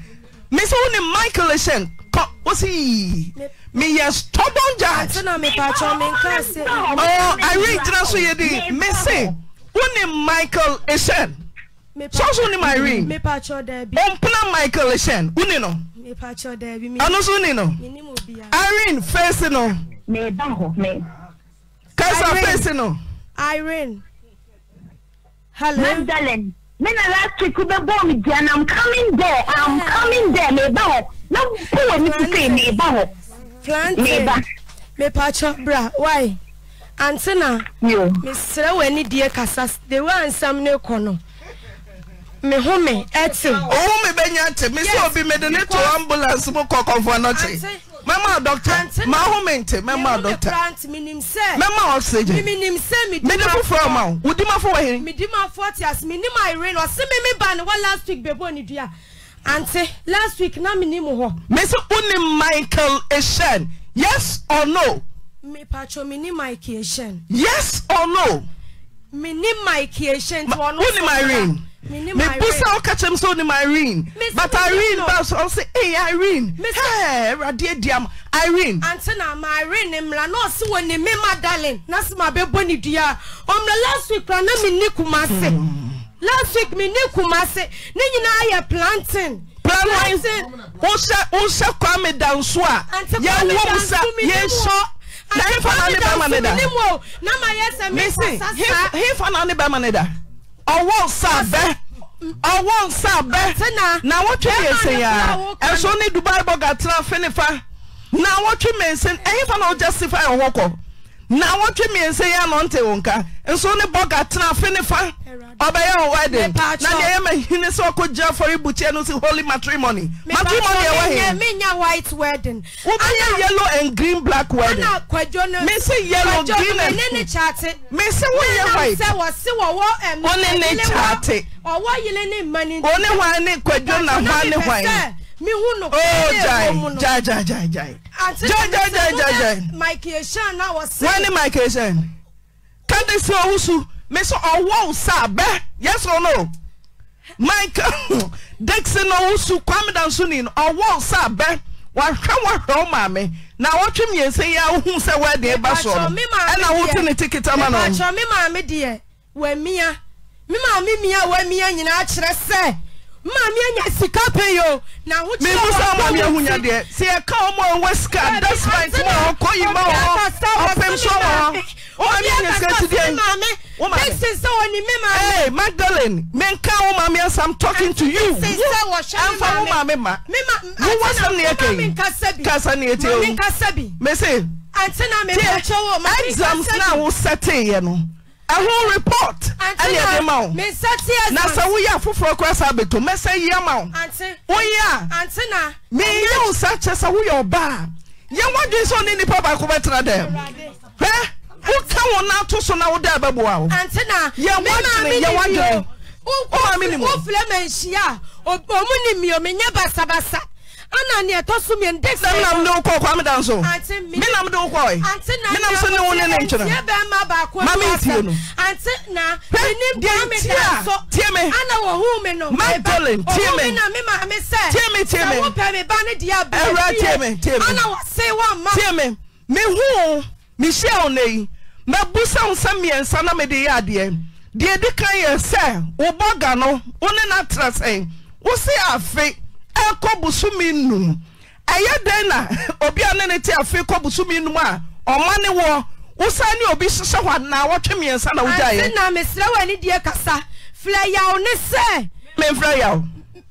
me sɛ wonim michael eshen kɔ Me meyɛ stubborn judge ɔ ire gyina so yɛdi me se wonim michael eshen sọsọ ni Irene ọmpena Michael Echen wuni no ano Ni wuni no Irene fèsì no kasa fèsì no. Irene hello. Magdalene mi na last week bẹ bọ mi jẹ and I'm coming there I'm coming there mi ba hɔ na polo mi ti sè mi ba hɔ mi ba. mepatwa bra why ante na mesrɛ w'ani die kasa de wo ansɛm ne kɔ no me home ɛtew. ohun mi bɛ nya te mi sɛ obi mi de ne to ambulance mu kɔ kɔnfɔ n'ɔkye mɛma dɔkta ma ho mi nte mɛma dɔkta mɛma oxygen mɛdi fufuo ma o wò di ma fo wɔ hɛn. mi di ma fo ti ase mi ni ma irene ɔsi mi mi ba ni wɔ last week bebo ni dua ante last week na mi ni mu hɔ. mesi uni michael eshen yes or no. mi patro mi ni michael eshen. yes or no. mi ni michael eshen ti ɔno sɔrɔ la. wúni ma irene. Me mebusa woka kyɛm sɛ wonim irene but irene bas ɔ sɛ ei irene awurade adi ama irene ante na ama irene ne mmara na ɔse wɔ ne me madalen na se oh, mabɛbɔ ne dua ɔmmra last week kora na menni kuma se hmm. last week menni kuma se ne nyinaa yɛ planting planting wohyɛ wohyɛ kwame danso a yɛwɔm sa yɛnhyɛ na hefa na ne bɛma ne da mese hefa na ne bɛma ne da ọwọ nsa bɛ ɔwɔ na wɔtwe yɛsɛn ya ɛso dubai bọga tena na wɔtwe mɛnsɛn ɛyɛ na ɔgya si fa na nso ne bɔga tena fe ne fa ɔbɛyɛ wɔ wɛden na deɛ ɛyɛ ma hene sɛ ɔkɔ gyina fɔre no si holy matrimony matrimony ɛwɔ he wobɛyɛ yellow and green black wedding mese yellow green and mese woyɛ white wone ne kyate wone hwan ne kwadwo na hwan ne hwan mi hu no kɛyɛ ɛwɔ mu no jai jai jai jai jai jai jai jai jai jai Mike Eshan na wɔ sɛ wɔne Mike Eshan. dise nwo su me so ɔwɔo sabɛ yes ono dekse nowo su kwamda soni no ɔwɔo sabɛ wohwɛ wohwɛ w maame na wɔtwemnyɛsɛ yia wohu sɛ woaden ba so no ɛna wotene teketama nomamdeɛ wmi mmmma wmia nyinaa kyerɛ sɛ mem e e sa mameawo yadeɛsɛyɛka mɛ sadsinmaɔkɔ yima es sɛ magdalen menka wo mame asɛ amtalking to youmfawomame maɛm sna wosɛ teeɛ no ɛho report ɛne ɛde ma wo na sɛ woyɛ afoforɔ kora saa bɛto mɛsɛ yia ama wo woyɛ a meyɛ wo sa kyɛ sɛ woyɛ ɔbaa yɛ woadwen sɛ ɔne nnipa baako bɛtena dɛm hwɛ woka wo no ato so na wode abɛboa wo yɛ woadwene yɛ woadwene wo maame ne mu wofilɛ manhyia ɔmu ne mmio menyɛ basabasa ɛna nea ɛtɔ so mmienu de sɛ. sɛm nam de wo kɔɔ kwame dan so. ante mi mi nam de wo kɔɔ yi. ante na mi nam so ne wo ne ne nkyɛn. tie bɛrima baako ɛna maame ntie no. ante na mi ni kwame dan so. tie mi. ana wɔ hu mi no. magdalen tie mi. ohun mi na mi maame sɛ. tie mi tie mi. sɛ wo pɛ mi ba ne di abɛ. ɛwura tie mi tie mi. ana wɔ se wa ma. tie mi mi hu mi hyɛ wɔn na yi mɛ busaw sɛ mmiɛnsa na mi de yɛ adeɛ deɛ di kan yɛ sɛ wo bɔga no wo ne na tra sɛn wo se afe. biara kɔ bosome num ɛyɛ dɛn na [LAUGHS] obi a ne ne te afe kɔ bosome a ɔma ne wɔ wosan ne obi hyehyɛ hɔ na wɔtwe mmiɛnsa na wogya yɛ. ase na mesrɛ wɔ ani die kasa filɛ yaw ne sɛ. mefrɛ yaw.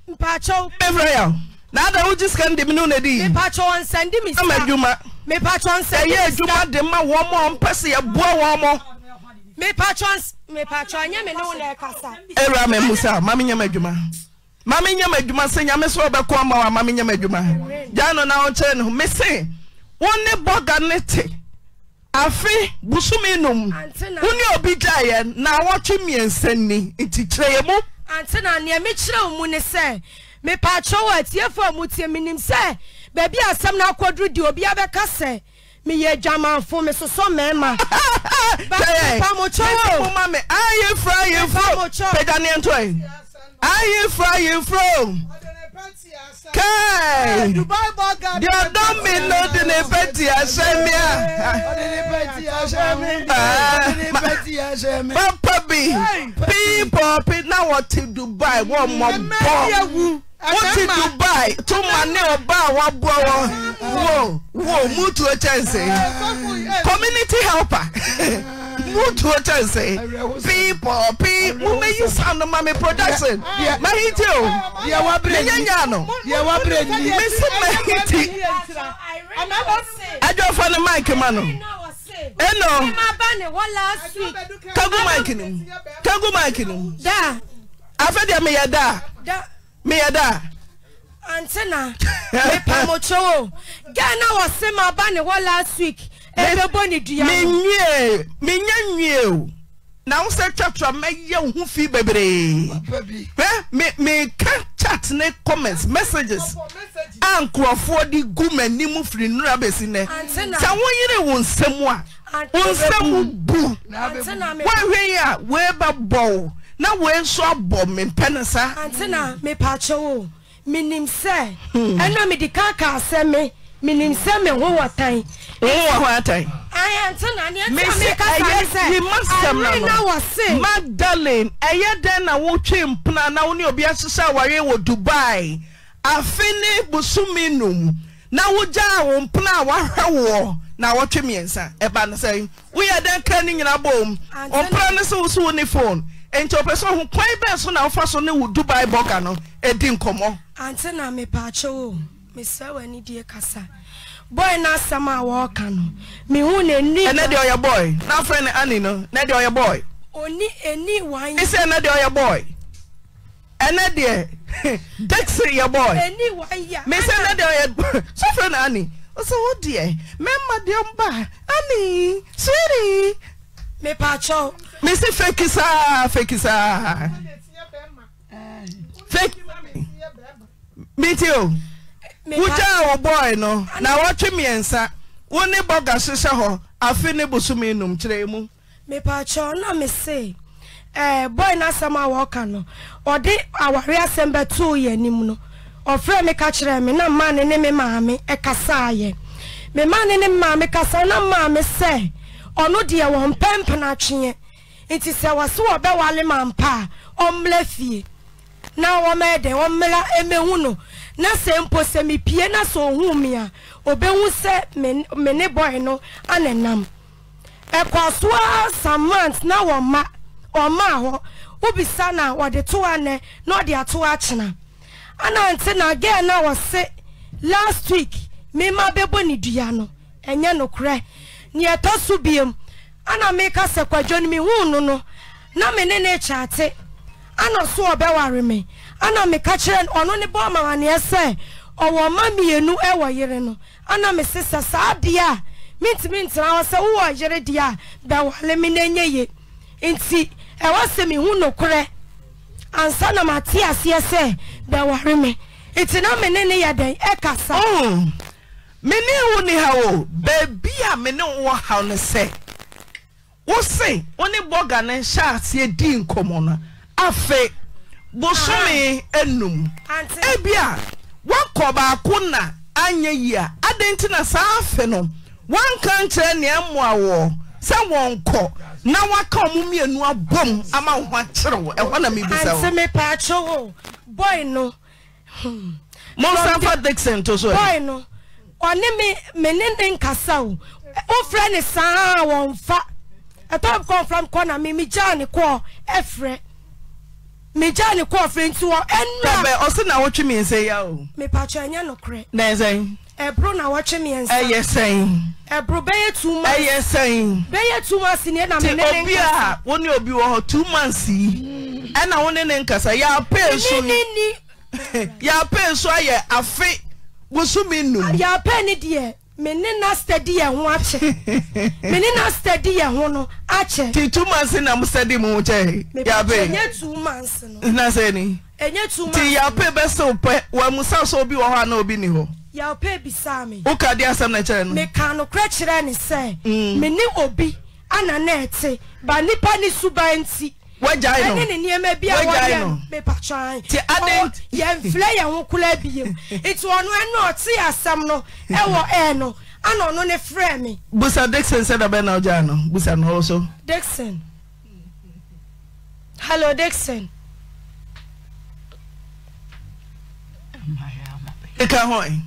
mpakyɛw. mefrɛ yaw. n'ada wogye sika ne dimi ne wona di yi. mepakyɛw nsɛn mi sika. ama adwuma. mepakyɛw nsɛn di mi sika. ɛyɛ adwuma de ma wɔn a ɔmpɛ sɛ wɔn mo. mepakyɛw mepakyɛw nyɛ me ne wona kasa. ewura mɛ musa maame nyɛ ma adwuma. ma menyɛ m adwuma sɛ nyame sɛ wɔbɛkɔ ama w a ma menyɛ m adwuma gya no na wokyerɛ ne ho me se wo ne bɔga ne te afe busome nom wo ne obi gyaeɛ na wɔtwe mmiɛnsa nni nti kyerɛ yɛ mu ante na neɛ mekyerɛ wo mu ne sɛ mepaakyerɛ wɔ atiefo a mutie menim sɛ baabi a asɛm no akɔduru deɛ obia bɛka sɛ meyɛ adwamanfo mesosɔ mmarima pamkyɛw yɛfra yɛfra pɛgya neɛ ntoɛ ayifra yifro kai di ọdọ mi ló di ní pẹ̀tì àṣẹ mi à. pápá bi pípọ̀ pí náà wọ́n ti dubai wọ́n mọ̀ bọ́. What wote dubai tumane ọba a waboa wọn move to a kyɛnse eh, community helper [LAUGHS] move to a kyɛnse people people mo ma yi sound ma mi production ma yi ti o mi nye nya You mi si ma yi ti adwafo ni mic ma eh, no ɛnɔ kagu mic ni mu kagu mic ni mu afɛ deɛ mi yɛ da. meyɛ da antena mepamotwowo ghana wɔse ma ba ne hɔ last week ɛbɛbɔ e ne dua menwie menya nwie o na wo sɛ twatwa mɛyɛ wo ho fii bebree eh, meka chat ne comments messages a nkurɔfoɔ de gu m'anim firi nnura bɛsi nɛ sɛ woyere wo nsɛm a wo nsɛm bu woahwɛ yi a woebɛbɔ wo na wee nso abɔ mempɛ ne ante na mepaakyɛ o menim sɛ ɛna mede kaka asɛ me menim sɛ me ho wɔ tan magdalene ɛyɛ dɛn na wotwe mpena na wo ne obi asesa aware wɔ dubai afe ne bosome num na wogyaa wo mpena a wahwɛ woɔ na wɔtwe mmiɛnsa ɛba no sɛ woyɛ dɛn kra nyina no sɛ wo so wo ne nti ɔpɛ sɛ ɔho kwan so na wofa so ne wo dubai bɔka no adi nkɔmmɔ ante na mepaakyɛ o mesrɛ w'anidie kasa bɔy no asɛm a wɔɔka no mehu no ɛni ɛnɛ deɛ ɔyɛ bɔy na afrɛ no ani no nɛ deɛ ɔyɛ bɔy oni ɛni wan ɛsɛ ɛnɛ deɛ ɔyɛ bɔy ɛnɛ deɛ [LAUGHS] dexi yɛ bɔy ɛni wan ya mesɛ ɛnɛ deɛ ɔyɛ sɔfrɛ [LAUGHS] no ani ɔsɛ wo deɛ mɛma deɛ mba ani sweetie mepatwɛ mese feki saa feki saa meti o wogyaa wo bɔe no na wɔtwe mmiɛnsa wo ne bɔga hyehyɛ hɔ afe ne bosome num kyerɛ mu mepatwɛ na mese eh, bɔe no asɛm a wɔɔka no ɔde aware asɛm bɛtoo yɛ anim no ɔfrɛ me ka kyerɛ me na mmaa ne ne me maame ɛkasaayɛ me mmaa ne ne maame kasa na maame sɛ ɔno deɛ wɔn pɛmpena atwene nti sɛ wɔsi wɔbɛwale ma mpa a ɔmmla fie na wɔmɛ dɛ wɔmmla emehu no na sɛ mpo sɛ mipie na sɛ ohun mi a obehu sɛ me ne bɔi no ana nam so a samant na wɔma ɔma hɔ ubisa na wɔde to anɛ na ɔde ato akyena anante na gɛɛ na wɔse last week mema bɛbɔ ne dua no ɛnyɛ nokorɛ nea su biem ana meka sɛ kwadwo no mehu no na me ne ne kyɛ ate ana so ɔbɛware me ana meka kyerɛ ɔno ne bɔɔ mawaneɛ sɛ ɔwɔ ma mmienu ɛwɔ yere no ana mese sɛ saa deɛ a mentumi ntena hɔ sɛ wowɔ yere deɛ a bɛwale me n'anyɛ ye nti ɛwɔ sɛ mehu nokorɛ ansa na mate aseɛ sɛ bɛware me nti na me ne ne ka dɛn ɛkasa oh. mene wo ne ha o baabi a mene wowɔ ha no sɛ wo se wo ne bɔga no nhyɛ aseɛ di nkɔmmɔ enum afei bosome ah. anum ebia e woakɔ baako na anyɛ yi a adɛn nti na saa afe no woanka nkyerɛ nea mmoa wɔ sɛ wɔnkɔ na woaka ɔmo mmienu abom ama wo ho akyere wo ɛhɔ na mebisa wo mepaakye wo bɔi no hmm. monsamfa dixon to so bɔi no ɔne me me ne ne nkasa o wofrɛ ne saa wɔn fa ɛtɔ kɔnfam kɔ na me me gyaa ne kɔɔ ɛfrɛ me gyaa ne kɔɔ frɛ nti wɔ ɛnura. bɛbɛ ɔsi na wɔtwe mmiɛnsa yi awo. mipatwa ɛnyɛ nokorɛ. nɛɛsɛn. ɛburo na wɔtwe mmiɛnsa. ɛyɛ sɛn. ɛburo bɛyɛ two months. ɛyɛ sɛn. bɛyɛ two months ni ɛna me ne ne nkasa. ti obi a wɔn ni obi wɔ hɔ two months yi ɛna wɔn ne ne nkasa yɛ apɛ esu yɛ apɛ esu ayɛ afe. busome nuyawpɛ ne deɛ menemene [LAUGHS] nastadi yɛ ho no akyɛtitmansnad motiyapa bɛsewpɛ wmu sa so obi w hɔ naobni hɔsawoaɛmeka nokorɛkyerɛ ne sɛ mm. menne obi ana na ɛte ba nnipa ne su baa nti wagyae no ɛne ne nneɛma bi a wɔyɛ mepatwan nti ade yɛmfilɛ yɛn ho kora biem [LAUGHS] nti ɔno ɛno ɔte asɛm no ɛwɔ ɛɛ no ana ɔno ne frɛ me busa dixon sɛ dabɛ na wogyaa no busa no hɔ dixon hallo dixon ɛka hɔ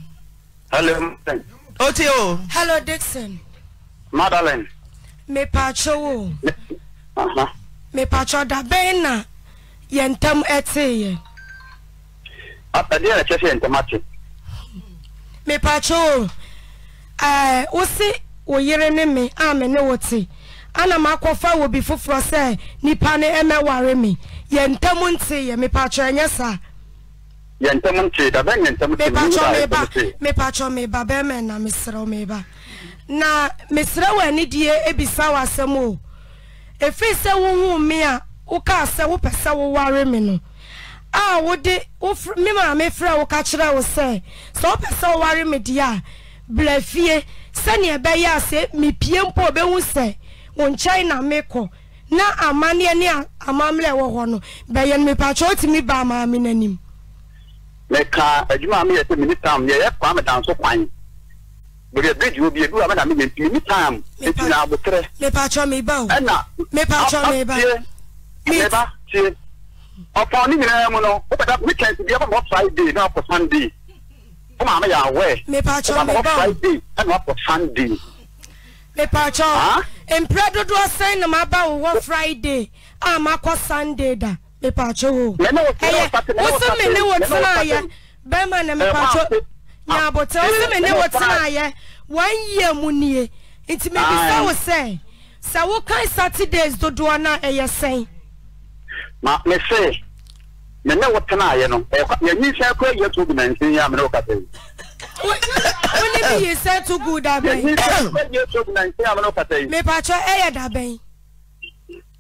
hallo ɔte o hallo dixon madalen Uh huh. mepatyo dabɛn na yɛntam ɛteeɛ mepakyoo wo se wo yere ne me a me ne wo te ana m'akɔfa wobi foforɔ sɛ nnipa ne ɛmɛware me yɛntam nteeɛ mepatye nyɛ saa mepaky meba bɛm na meserɛw meba na mesrɛ wɔ anediɛ bisa w asɛm o efi sɛ wohu me a wokaa sɛ wopɛ sɛ woware me no a wode me maame frɛ wo ka kyerɛ wo sɛ sɛ wopɛ sɛ woware me deɛ a bra fie sɛnea ɛbɛyɛ a sɛ mepie mpo obɛhu sɛ wo nkyɛn na mekɔ na amanneɛ ne amammerɛ wɔ hɔ no bɛyɛ no mepakyɛ wotumi ba amaame no anim meka adwuma meyɛ sɛ mene yɛyɛ kwa medanso kwan bẹ̀rẹ̀ bíríjì wo bi ebi wa bẹ́ẹ̀ na mi yẹn tìmí ní na abotire. mepa atwa mi ba o. ẹna mepa atwa mi ba. mepa tie ọ̀pọ̀ ní nyinaa mu no wọ́n pẹ̀lú weekend bi ọmọ friday náà ọ̀pọ̀ sunday wọ́n maame yà awẹ́. mepa atwa mi ba o ọmọ friday ẹna ọ̀pọ̀ sunday. mepa atwa mpere dodoɔ sɛn na ma ba o wɔ friday a ma kɔ sunday da mepa atwa o. ɛyɛ wosi mi ni wo tena ayɛ bɛrima na mepa atwa na abotire ɔsi mi ne wo tena ayɛ wɔn yie mu nie nti mi bi sɛ wo sɛ sɛ wo kan saturdays dodoɔ na ɛyɛ e sɛn. ma me se me ne wo tena ayɛ no yɛnyi e sɛ kɔ yɛ tu guna nsin yɛ amene wo kasa yi. wọ́n ní bí yìí sẹ́ tu gu dabẹ́n. yɛnyi sɛ kɔ yɛ tu guna nsin yɛ amene wo kasa e yi. mipatwɛ ɛyɛ dabɛn.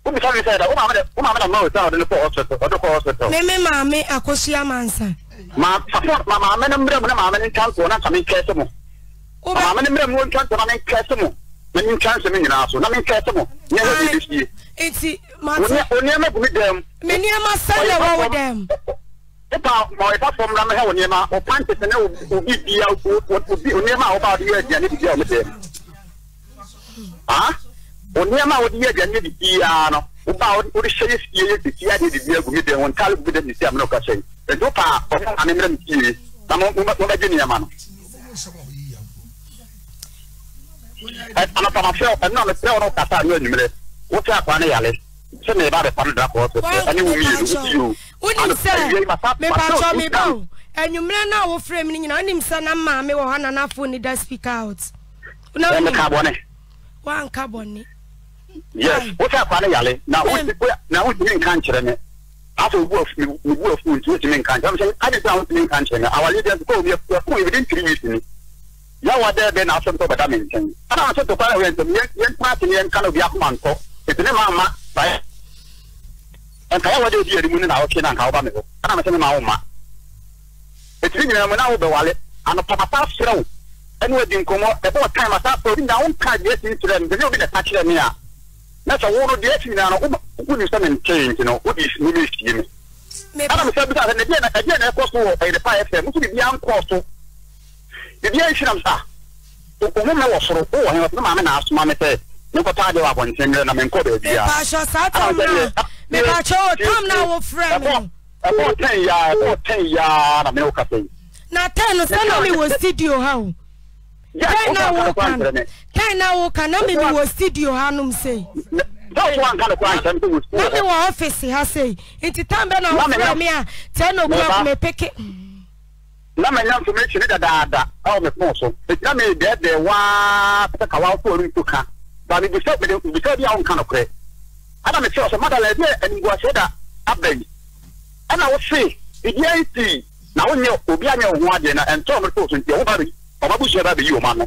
wọ́n mi sá mi sẹ́ yẹ dá wọ́n maame dá wọ́n maame dá mọ́ òsán ọ̀dọ́ ní kọ́ ọ̀sọ̀tọ̀ ọ̀dọ́ kọ́ ọ̀sọ̀tọ̀. mímí maame akosia mansa ma support ma maame no mmerɛ mu na maame no ntwa nsoɔ na nka mentwɛ se mo maame no mmerɛ mu ntwa nsoɔ na mentwɛ se mo na mentwa nsɛm nyinaa so na mentwɛ se mo nyɛ hɛ biribi fie nti onneɛma gu me dɛm me nneɛma sɛn na ɛwɔ dɛm wopa ma ɔyɛpa fam na mehɛ wo nneɛma ɔpa nte sɛ ne obi bia obi onneɛma a woba wode yɛ aduane bibia wo me dɛm hmm. a onneɛma a wode yɛ aduane bibiaa no o woba o hyɛ yɛ fie yɛ fifie adeɛ de bia gu mi deɛ wɔntale gu mi deɛ sisi amena ɔka kyɛn ɛdo paa ɔyɛ maame mmerɛ me fie e, e, e, na mobɛgye nneɛma no anapamafɛ ɛno a meprɛ wo no wokasa anyɛ anwumerɛ wote akwaa no yale sɛ meba bɛpa no drakɔ sɛ o wo mmienu wonim sɛ mepatɔ meba wo anwumerɛ no a wofrɛ m no nyina wonim sɛ na maame wɔ hɔ ananafo ne da speak out na wonim wanka bɔne yes wosi akwa ne yale na wosi na wosi mi nka nkyerɛ mi afɔ obu ofu mi bu ofu nti wosi mi nka nkyerɛ mi sɛ adi sɛ wosi mi nka nkyerɛ mi awale bi ɛsɛ omi ɛfu ɛfu ebi di ntiri mi si mi yawa dɛ bɛ na asɛm tɔ bɛda mi nkyɛn ɛna asɛ tɔ kwan yɛ ntɛm yɛn yɛn kwan ti ni yɛn kan obi akoma ntɔ ebi ne maa ma bayɛ nka yawa dɛ obi yɛ nimu ne na ɔkye na nka ɔba mi hɔ ɛna mi sɛ ne maa ɔma etiri nyinaa mu na awo bɛ wale anopapapa serew ɛnu edi nkɔmɔ ɛbɔ time asa fɛ obi na ɔnka deɛ ti nkyerɛ mi sɛ ne obi na ɛta kyerɛ mi a na wo no deɛ akyi nyinaa no wonim sɛ mentee nti no wode ne ne sie me ana mesɛ bisa sɛ ɛdeɛ na ɛkɔ so wɔ ɛyɛdepa ɛfɛ mo so biribia nkɔɔ so biribia nhyiram sa ah, ohome wɔ soro wowɔ he ne maame na me sɛ mekɔtɔ adeɛ wɔ abɔnten na menkɔ baabiaa kai na wo kan kai na wo kan na mi mi wɔ studio hanom sei na mi wɔ ɔfisi ha sei nti tan bɛ na ɔfura mi a ten o'clock mi peke. na ma nya information ni dadaada ɛwɔ mi fon so eti na mi dɛɛdɛɛ waa pɛtɛ ka waa fo ori nto ka ba mi bisɛ mi de bisɛ bi a wɔn kan korɛ ana mi se ɔsɛ madala ebi eniguase da abɛyi ɛna wosi ebi ayi ti na wonyɛ e obi anyɛ ohun na ɛntɛn omi fo so nti e ọba busua bá bẹyì ọmọ ano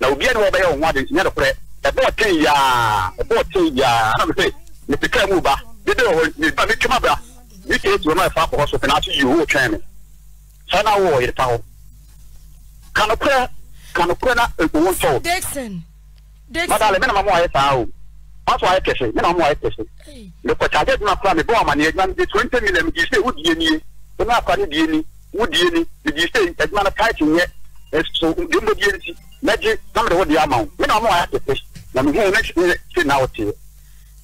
na obi ẹni wọn bẹyẹ ọhún adi nyẹ nìkorẹ ẹbọ ọtí yaa ẹbọ ọtí yaa ẹnna mi sẹ nìpẹ mu ba dídé ọhún nípa mi twẹ́mà bra mi kì í ọmọ ẹ̀fọ́ akọ̀họ́ so pẹ̀lú yìí owó twẹ́n mi sanni awọ ọ̀yẹ̀ ta hó kanokorẹ kanokorẹ na owó ntọ́ o madale mi na ma mu ayẹ o wọn sọ ayẹ kẹsẹ mi na ma mu kẹsẹ nìkọ̀ kyàjẹ́ dùn àkọ́rà mi bọ́ àmàlẹ́ ẹ̀dùn àti twenty million mi jì í sẹ́ wọ́n di ẹni yẹ wọ́n náà kọ́ ni di ẹni mi jì í sẹ́ so dwom bɛ bie nti mɛgye na mede wo deɛ ama wo me na ɔma wayɛ tete na mehu na se na woteɛ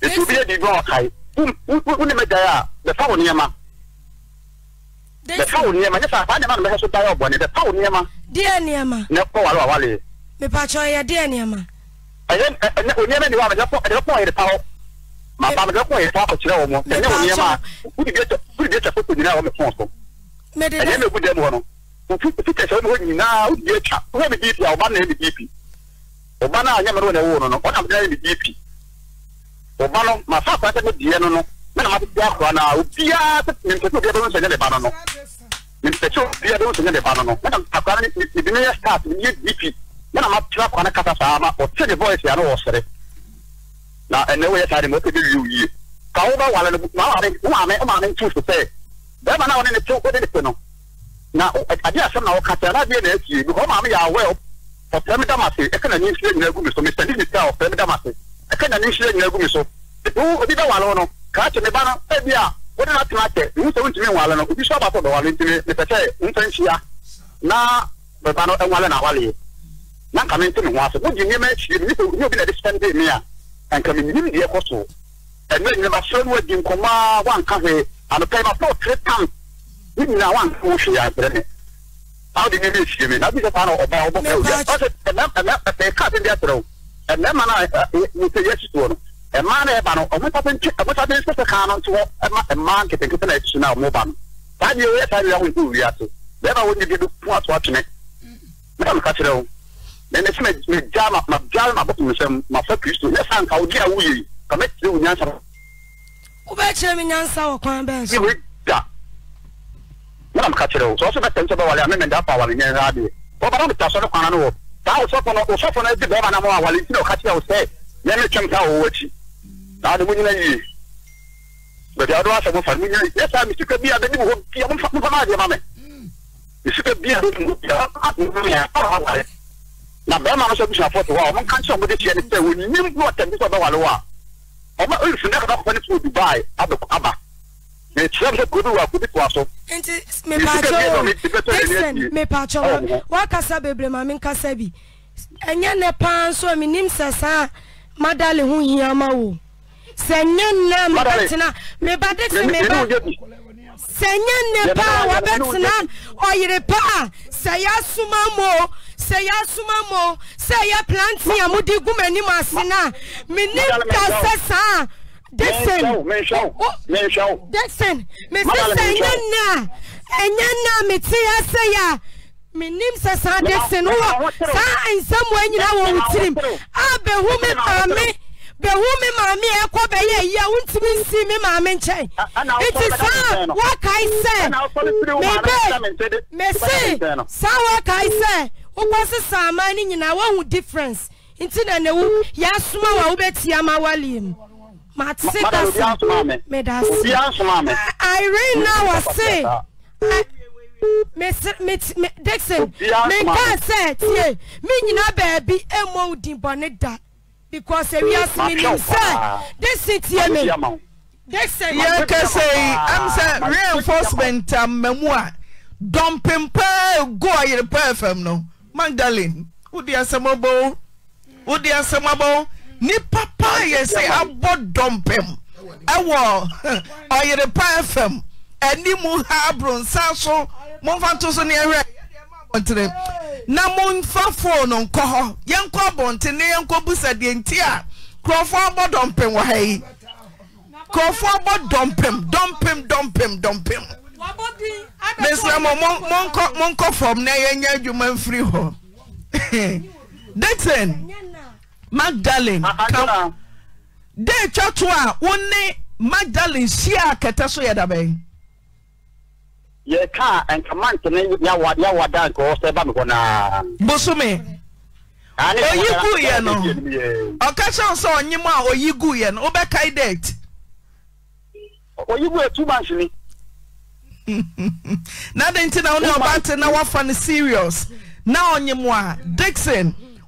ɛti wobi yɛ biribi a ɔkae wone mɛgyae a bɛfa wo nneɛma bɛfa wo nneɛma nyɛ saa saa nneɛma na mɛhɛ so daeɛ ɔbɔne bɛfa wo nneɛma deɛ nneɛma na ɛkɔ wale wawaleɛ mepakyɛ ɔyɛ deɛ nneɛma ɛyɛ onneɛma ni wa mede bɛpɔ ɔyere pa hɔ maba mede bɛpɔ ɔyere pa akɔkyerɛ wɔ mɔ ɛnyɛ wo nneɛma a wode bi atwa foto nyinaa wɔ mepɔn so ɛnyɛ mɛgu dɛm hɔ no fitɛsɛ wo ne hɔ nyinaa wodi atwa wohɛ me dp a ɔba na ɛme dp ɔba no a nyɛ mene wo no no ɔna mede ayɛ me dp ɔba no mafa akora sɛ medeɛ no no mena matete akora no a obiaa mempɛ sɛ obiaa bɛhu sɛ nyɛ ba no no mempɛ sɛ obiaa bɛhu sɛ nyɛ ba no no mena akora no mede meyɛ start meyɛ dp mena matera akora no kasa saa ma ɔte ne voice a no wɔsere na ɛnɛ woyɛ saa de ma wopɛ bɛwie yie na adi asɛm na wɔka kyerɛ na adeɛ na atie bi ɔma me yɛ awɛ ɔpɛ me dam ase ɛka na ne nhyira nyina gu me so mesɛne ne sika ɔpɛ me dam ɛka na ne nhyira nyina gu me so wo obi bɛwale wo no kaa kye me ba no ɛbi a wode no atena akyɛ ne sɛ wontumi nwale no obi so aba sɛ ɔdɔwale nti mepɛ sɛ mfa nhyia na bɛba no ɛnwale na awaleɛ na nka mente me ho ase wogye nneɛma ahyie me nipa obi na ɛde spɛndee me a anka menim deɛ ɛkɔ so ɛno anyinamafrɛ no adi nkɔmmɔ a woanka hwee anopɛ ma sɛ ɔtere tank ne nyinaa wanka wo hwee abrɛ me aw de ne ne sie me na bi sɛ saa na ɔba ɔbɔ mɛ ɔsɛ ɛnɛ ɛnɛ ɛfɛ kaa bi bi atrɛ o ɛnɛma na nse yɛ sisi wɔ no ɛmaa na ɛba no ɔmo tafe nkye ɔmo tafe nsɛsɛ kaa no nso hɔ ɛma ɛmaa nketenkete na ɛsisi na ɔmo ba no saa deɛ ɛyɛ saa deɛ awo nso wia so bɛɛma wo ne bi do fun ato atwene mɛta mi ka kyerɛ o na ne se me me gya ma ma gya ma bɔ tumi sɛm ma fa kristu ne sa nka o di awo yie ka mɛ kyerɛ nyansa. wobɛkyerɛ mi nyansa wɔ kwan bɛn so mo na meka kyerɛ wo sɛ ɔso bɛsɛm sɛ bɛwale a memenda fa awale nyɛ ha deɛ wɔba na meta sɔre kwana no wɔ saa ɔsɔfo no ɔsɔfo no adi bɛrima na ma awale nti na ɔka kyerɛ wo sɛ yɛ ne twɛm saa wɔwɔ akyi saa de monyina yie baabi adoɔ asɛ mofa no monyina yie saa mesika bi a bɛdi mo hɔ bia momfa momfa maadeɛ ma me mesika bi a bɛdi mo bia na bɛrima no sɛ busuafoɔ te hɔ a ɔmonka nkyerɛ ɔmode kyerɛ ne sɛ wɔnyim ne ɔtɛm bi sɛ ɔbɛwale wɔ a ɔma ɔyiri fi ne kaba kɔkɔ ne aba mi tí sẹ́mi kúrò bí wà kúrò bí kò aṣọ. nti mipatso texan mipatso wakasa bebree maame nkasa bi ɛnyɛ ne paa nso mi nim Madali saa madale ho hia ma wo sɛ nyɛ nna mebɛtena mebade fi meba sɛ nyɛ nne paa wabɛtena ɔyere paa sɛ yɛasoma mo sɛ yɛasoma mo sɛ yɛ plantin a mode gu m'anim ase no a desen desen mesi sɛ ɛnyɛ nna ɛnyɛ nna mete ase ya menim sɛ saa desen wɔ saa nsɛm wɔ nyinaa wɔ wo tirim a bɛhu me maame bɛhu me maame a ɛkɔ bɛyɛ ayi a wontumi nsi me maame nkyɛn nti saa wɔkae sɛ mebe mese saa wɔkae sɛ wokɔ sesa aman no nyinaa woahu difference nti na ne wo yɛasoma wɔ a wobɛtia ma waleɛ mate kasa meda se irene na wɔse eh, dixon menkaa sɛ tie me nyina baabi ɛmmɔ wo din bɔne da because ewiase menim sɛ dixon tie um, me yɛkasa yi am sɛ reinforcement amamu a dɔmpem paa gu ɔyere paa fam no magdalene wode asɛm abɔ wode asɛm abɔ nipa paa yɛ sɛ abɔ dɔmpɛm ɛwɔ [LAUGHS] ɔyerepa fm anim ha abronsa so momfa nto so ne ɛhwɛ abɔntene na momfa fono nkɔ hɔ yɛnkɔ abɔntene yɛnkɔ busa deɛ nti a kurɔfoɔ abɔ dɔmpem wɔ ha yi kurɔfoɔ abɔ dɔmpem dɔmpem dɔmpem dɔmpem mesra mɔ monkɔ fam na yɛnyɛ adwuma mfiri hɔ [LAUGHS] datin magdalene ka de etwa to a wo magdalene si a kɛtɛ so yɛ dabɛn. yɛ kaa nkama ntɛnɛ yawa yawa da nkɔ sɛ ba mi kɔ naa. bosome oyi gu yɛ no ɔka kyɛn sɛ ɔnyim a oyi gu yɛ no wobɛkae date. oyi gu yɛ two months ni. na de nti na wo ne ɔba oh ate na wafa no serious na ɔnyim a dixon. Mm -hmm.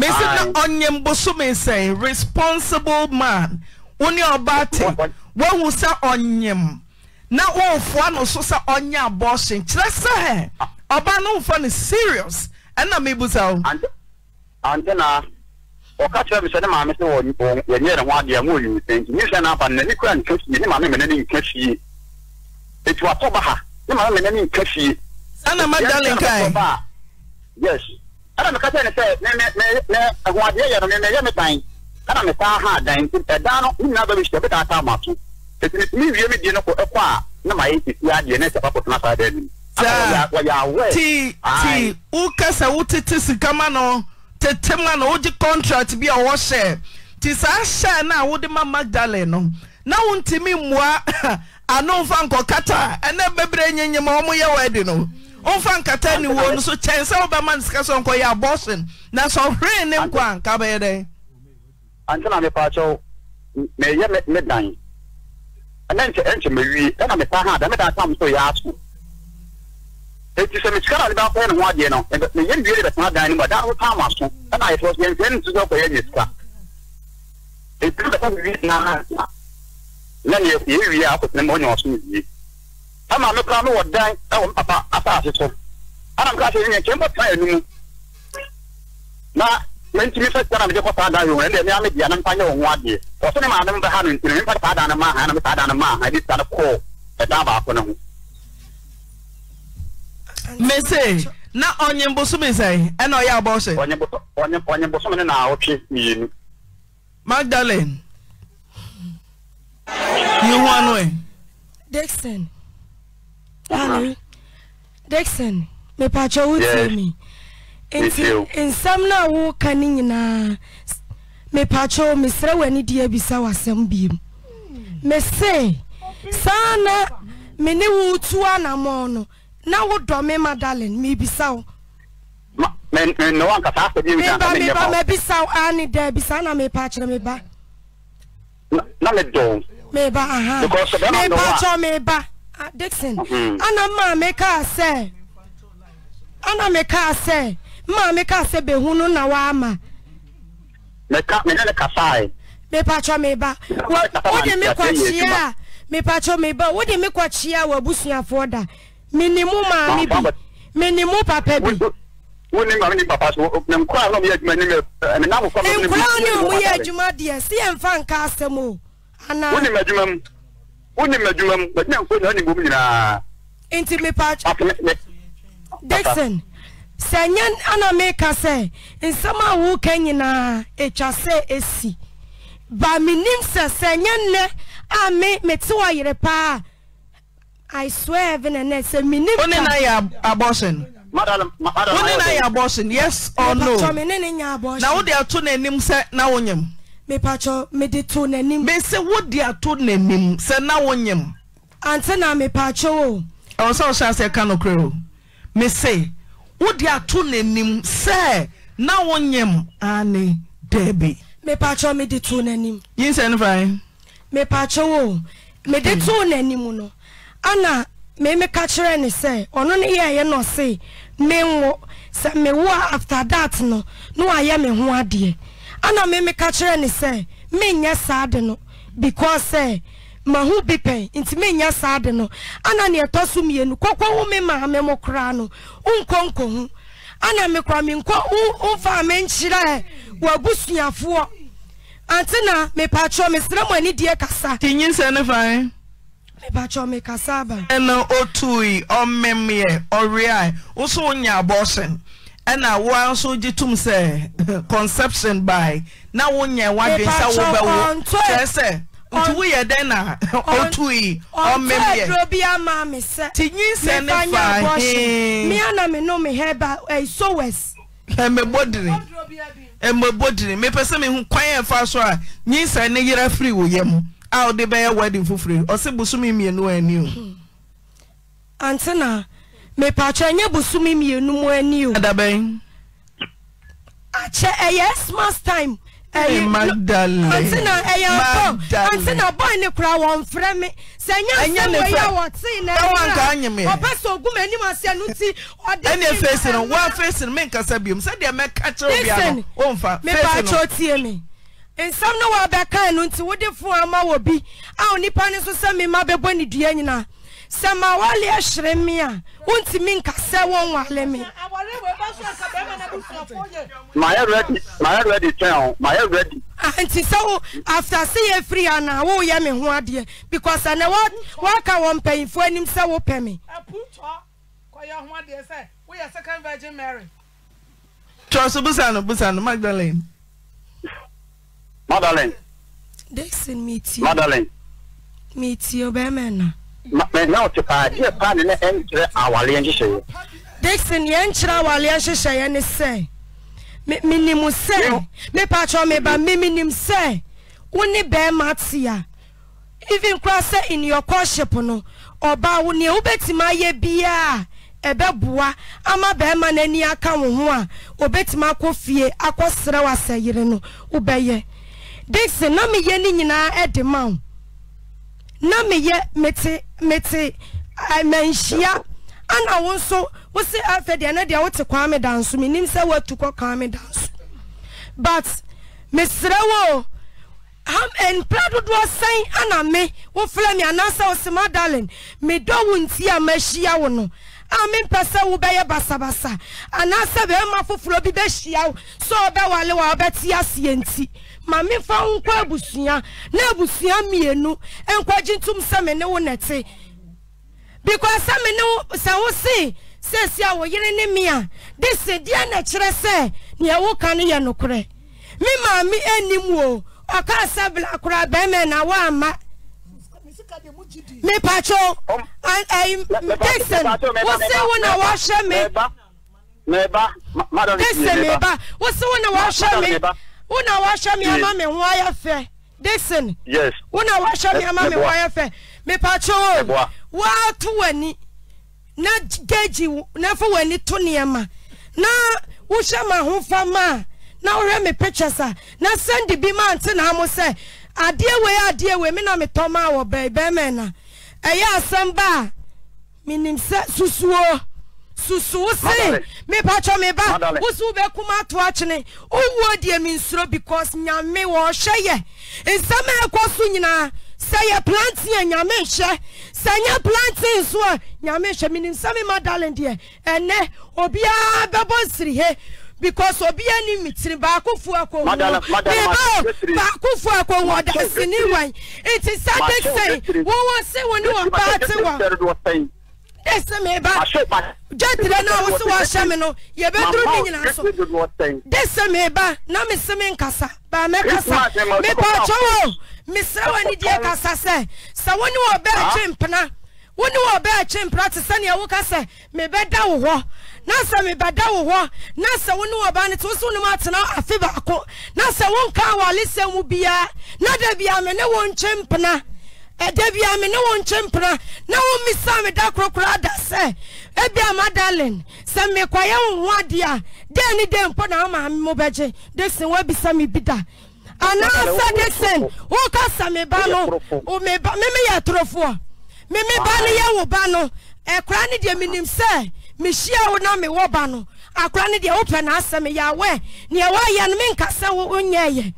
mesi na ɔnyɛ mbosome nsɛn responsible man wone ɔba te woahu sɛ ɔnyem na wɔrefoa no so sɛ ɔnyɛ abɔɔhyen kyerɛ sɛ ɔba no wofa no serious ɛna mebusa wo ante na ɔka kyerɛ me sɛ ne maame sɛ yɛnyɛ ne ho adeɛ ma ɔyim sɛ nti mesɛ no aba no nani kora nka fie ne maame mene ne nka fie ɛti watɔ ba ha ne maame mene ne nka fie ana magdalen yes ɛna meka kyerɛ ne sɛ ahoadeɛ yɛ no mɛyɛ me dan ɛna mesaa ha dan nti ɛdan no ne nyinaa bɛbɛhyia bɛtaataa ma so ɛti metumi wie me die no ɛkɔ a na mayɛ sisi adeɛ ne sɛpa kɔtena saa daa nim ti ti wokasa wotete sika ma no tete ma no wogye contract bi a ɔwɔ hyɛ ti saa hyɛ no a wode ma magdalen no na wontumi mmoa [LAUGHS] ano mfa kata, ɛnɛ bɛbrɛ nyenyema ɔmo yɛ wɔ adi no ɔmfa nkata ne wɔ no so kyɛn sɛ wobɛma no sika sɛ abɔsen na sɛ ɔhwee ne nkwa a bɛyɛ dɛn na mepa kyɛw meyɛ me dan ɛnɛ nkyɛ ɛnkyɛ mawie ɛna mepa ha da meda tam so yɛ sɛ mesika na ne ne ho adeɛ no meyɛ nwie de bɛtena dan no mu a tam aso ɛna ayɛfɛ so yɛnsɛ ne nso sɛ nyɛ sika bɛka mewie na ne yɛwie a akɔtena ma ɔnya ɔso ne wie ama me kora no wɔ dan ɛwɔ papa asaase so ana me kora sɛ nyɛ nkyɛn bɔ tan anum na mɛntumi fɛ sɛ na mede kɔ saa dan yɛwɔ ɛdeɛ mea medea na mfa nyɛ wɔ ho adeɛ ɔso ne maane mbɛha no ntino memfa saa dan no ma ha na me saa dan no ma ha de sika no kɔɔ ɛdan baako no ho mese na ɔnye mbosome sɛn ɛna ɔyɛ abɔhyɛ ɔnye mbosome ne na ɔtwe mmienu magdalen yi ho dixon Hello. Ah. Dixon, me pacho wo tie mi. Nti nsɛm na wo ka ne nyinaa me pacho me srɛ w'ani die bisa w'asɛm biem. Me se saa na me ne wo tu anamɔ no na wo dɔ me ma darling me bisa wo. Ma me me no anka saa sɛ bi na me Me ba me bisa wo ani da bisa na me pacho me ba. Na me dɔ. Me ba aha. Me pacho me ba. Dixon mm-hmm. ana maame kaa sɛ ana me kaa sɛ maame kaa sɛ behunu na waama. mɛka mɛka ne kasa yi. mepatwa meba wode me kɔkyea a mepatwa meba wode me kɔkyea a wabusuafoɔ da menimu maame bi menimu papa bi. wone maame ni papa so na nkora na ɔmo yɛ adwuma ne mɛ ɛnna akokɔ na ɔmo yɛ adwuma deɛ si yɛn fa nka asɛm o. wone mɛ adwuma mu. sɛ nyɛn ana me ka sɛ nsɛm a wooka nyinaa etwa sɛ asi bat menim sɛ sɛ nyɛn nɛ ame mete wa yere paa i sa venɛnɛ sɛ menmoe naayɛ abɔsen ys nna wode ato na nim sɛ na wonyem mepatwɔ mede to n'anim bɛsɛ wode ato n'anim sɛ na wonyam ante na mepatwɔ o ɛwɔ sɛ wohyɛ asɛ ka nokorɛ o mese wode ato n'anim sɛ na wonyam ane daabi mepatwɔ mede to n'anim yinsɛ no fae mepatwɔ o mede to n'anim no ana memeka kyerɛ ne sɛ ɔno ne yɛɛyɛ na ɔse menwo sɛ mewo a after that no na wayɛ me ho adeɛ ana me meka kyerɛ ne sɛ menyɛ saa de no because sɛ eh, mahu bi pɛn nti menyɛ saa de no ana ne ɛtɔ so mmienu kɔkɔ wo me maame mo koraa no wonkɔ nkɔ ho ana mekora menkɔ womfaa me nkyerɛ eh, wabusuafoɔ ante na mepakyɛ mesrɛ mo ani deɛ kasa tinyi nsɛ ne fae eh? mepakyɛ mekasa aba ɛna ɔtui ɔmemyɛ ɔreae wo so wonya abɔsen ɛna woa nso gye tom sɛ [LAUGHS] conception by na wonyɛ wadwen sɛ wobɛwo kyerɛ sɛ nti woyɛ dɛn na ɔtui [LAUGHS] ɔmɛmiɛ ti nyinsɛ ne fa miana me mepɛ sɛ mehu kwan yɛ fa so a nyinsɛ ne yera firi wo yɛ mu a wode bɛyɛ wedding foforɔ ɔse bosome mmienu ani o antena mepatwa nye bosomi mmienu mu ani o. adabɛn. akyɛ ɛyɛ xmas time. ɛyɛ magdalen ɔti na ɛyɛ bɔ ɔti na bɔ ne kura wɔn fɛrɛ mi sɛ n yà sɛ wɔ yɛ wɔ ti na ɛyɛ ra ɔbɛ sɛ ogun mɛ anim ase ɛnu ti ɔde ti na ɛna fesi no wa bi ano o nfa fesi no mepatwa tie nsɛm no wɔ abɛka ɛnu nti wodi fun ama wɔ bi a onipa ne nso sɛ mi ma bɛbɔ ne dua nyinaa sɛ ma wɔle ɛhyerɛ me a wontumi nka sɛ wɔnwale me nti sɛ wo after sɛ yɛfiri a na woyɛ me ho adeɛ because ɛnɛ woaka wɔ mpanyimfoɔ anim sɛ wopɛ me Trust Busano, Busano, Magdalene. Magdalene. Dixon, meet you. Magdalene. Meet you, Bemena mɛna ɔte paa deɛ paa ne na ɛnkyerɛ awaleɛ nhyehyɛeɛ dixon yɛn nkyerɛ awaleɛ nhyehyɛeɛ ne sɛ menim sɛ mepatrɔ meba me menim sɛ wone bɛrima te a even koraa sɛ in your courtship no ɔbaa wo neɛ wobɛtumi ayɛ biaa ɛbɛboa ama bɛrima n'ani aka wo ho a obɛtumi akɔ fie akɔserɛ w asɛyere no wobɛyɛ dixon na meyɛ ne nyinaa ɛde ma wo na me meyɛ mete mete eh, manhyia ana wonso nso wo se afɛ deɛ ne deɛ wote kwan me da nso menim sɛ woatu kɔ kwan me da nso but mesrɛ wo ana me wofrɛ me anaasɛ wo se madalen medɔ wo nti a mahyia wo no a mempɛ sɛ wobɛyɛ basabasa anaasɛ bɛrima foforɔ bi bɛhyia wo sɛ ɔbɛwale wɔ a wobɛte aseɛ nti maame fa nkɔ abusua na abusua mmienu nkɔgye ntum sɛ me ne wo nɛte because sɛ me ne wo sɛ wo se sɛsi a wɔyere ne mea de se deɛ na kyerɛ sɛ nea woka no yɛ nokorɛ me maame anim o ɔkaa sɛ bla koraa bɛrima na woama mepatwo tesen wo se wo na wɔhwɛ me tesen meba wo se wo na wɔhwɛ me wona wahyɛ me ama me ho ayɛ fɛ dixon yes wona wahyɛ me ama me ho ayɛ fɛ mepakyɛ o waato w'ani na geji na fa w'ani to nneɛma na wohyɛ ma ho fama a na wohwɛ me pictures a na sɛnde bi ma nte na mo sɛ adeɛ wei adeɛ wei me na metɔ ma wɔ bɛɛ bɛɛmɛ na ɛyɛ asɛm ba a menim sɛ susuo susu se mepatwɔ meba wo so wobɛkum ato akyene wowuo deɛ mensuro because nyame wɔɔhyɛ yɛ nsɛm a ɛkɔ so nyinaa sɛ yɛ planten a nyame nhyɛ sɛ nyɛ planten a nyame nhyɛ menim sɛ mema darling deɛ ɛnɛ obiara bɛbɔ nsirihe because obiara ni mitiri baako fu Me ba ba baako fu akonwa ɔda sini wɛn nti sɛ de sɛn wɔn wɔn se wɔn ne wɔn paati wɔn. esi mi ba jẹtire náà wosi wọ ọhyẹ mi no yẹbẹ duru ni nyina so desi ba na mi si nkasa ba mi kasa mi pa ọtọ wo mi sẹ wọn ni die kasa sẹ sẹ wọn ni wọn bẹ ẹkye mpena wọn ni wọn bẹ ẹkye mpena ti sẹ ni kasa mi bẹ da wọ họ na sɛ mebɛda wo hɔ na sɛ wo ne wɔba no te wo so nom atena afe baako na sɛ wonkaa wɔ alesɛ mu biara na da bia me ne wo nkye mpena ɛda bia me ne wo nkye mpena na wommisa me da korokora da sɛ ebia madalen sɛ mekɔyɛ wo ho adeɛ a dɛn ne dɛn mpo na womaame mo bɛgye desin woabisa me bi da anaasɛ desin woka sa me ba no meme yɛ torofoɔ meme ba no yɛ wo ba no ɛkora ne deɛ menim sɛ mehyia wo na mewɔ ba no akora ne deɛ wopɛ naasɛ meyɛ awɛ neɛ woayɛ no menka sɛ wonyɛɛyɛ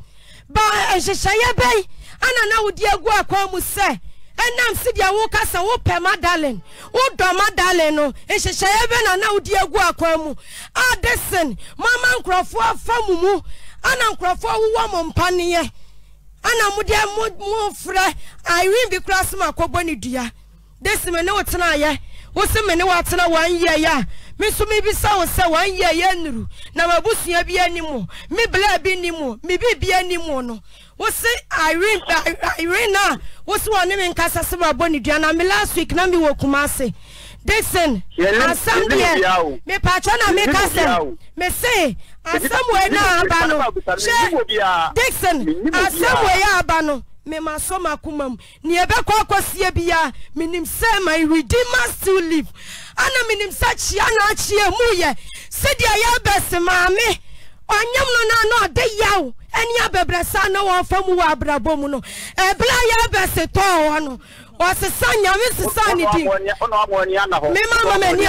ba nhyehyɛeɛ bɛyi ana na wodi agu akwan mu se ɛnam si deɛ woka sɛ wopɛ madalen wodɔ madalen no nhyehyɛeɛ bɛ na na wodi agu akwan mu adesen ah, mama nkurɔfoɔ afa mu mu ana nkurɔfoɔ uwa mo mpaneɛ ana mo deɛ mo mo frɛ irene bi kura soma akɔbɔ ne dua desi me ne wo tena ayɛ wosi me ne wo atena wɔn yɛ yɛ a me nso bi sa wo sɛ wɔn yɛ yɛ nuru na mabusua bi me bla bi me bi bi no. wose iren a wo se wɔne menkasa se mabɔneduana me last week na mewɔ kuma ase dikson asmdeɛ mepaaea nameka sɛ mese asɛm wnaabanodison asɛm wɛ aba no memasɔ makoma m neɛbɛkɔ kɔ sea bia menim sɛ myredemast leae ana menim sa kyia nakyia muyɛ sedeɛ yɛbɛse maame ɔnyam no na na ɔde yaw ɛne abɛbrɛsa na wɔmfa mu wɔ abrabɔ mu no ɛberɛ a yɛbɛse tɔɔ hɔ no ɔsesa nyame sesa ne din mema ma m'ani ana hɔ mema ma nti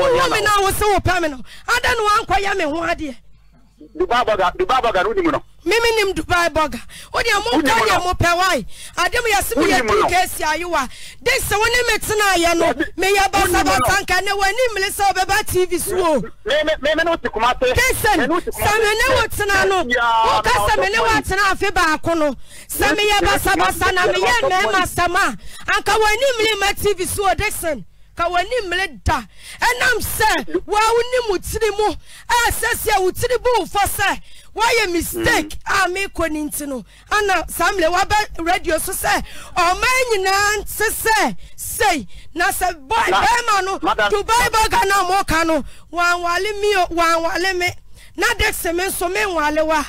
wohome no a wo se wo pɛ me no ada ne woankɔyɛ me ho adeɛ dubai burger dubai burger wúni mu nọ. mímí ni dubai burger ó ní ẹmu nǹkan yẹn mo pẹ wáyé àdéhùn yẹn sì mú yẹ tún kéésì àyíwá dé sẹ wọn ní mi tún náà yẹ no mi yẹ bá sábà tanka ní wọn ní mímí sẹ ọbẹ bá tv so o. mímí ní o ti kuma se. kéésàn sàmì ní wò tẹ̀nà nù wò ká sàmì ní wò tẹ̀nà àfi baako nù sàmì yẹ bá sábà sanà mi yẹ mẹ́ẹ̀mà sàmà ànkà wọn ní mímí mẹ́ tv so o dé sẹ́ni ka w'ani mmiri da ɛnam sɛ wɔawo ne mu tiri mu a sɛsɛ wo tiri bu wo fɔ sɛ wɔayɛ mistake hmm. a mekɔ ne nti no ana samle mmerɛ radio so sɛ ɔman nyinaa nte sɛ sei na sɛ boy bɛrima no dubai bɔga no mo mɔka no wɔanwale mi wɔanwale me na dexter me nso menwale wa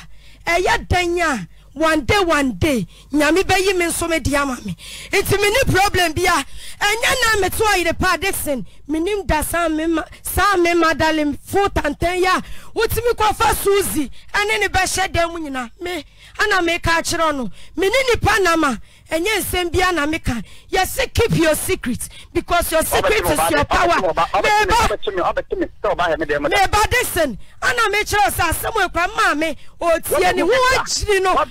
ɛyɛ dan one day one day nyame bɛyi me nso me dia me nti me ni problem bia ɛnyɛ na me to ayere pa addiction me da saa me ma saa me ma dalim full tantan ya wotumi kɔfa suzi ɛne ne bɛhyɛ dan mu nyina me ana me ka akyerɛ no me ni nipa nama. ɛnyɛ nsɛm bia na meka yɛse keep your secret because your secret is your power meba dison ana mekyerɛ sɛ asɛm akura maame ɔtie ne ho akyiri no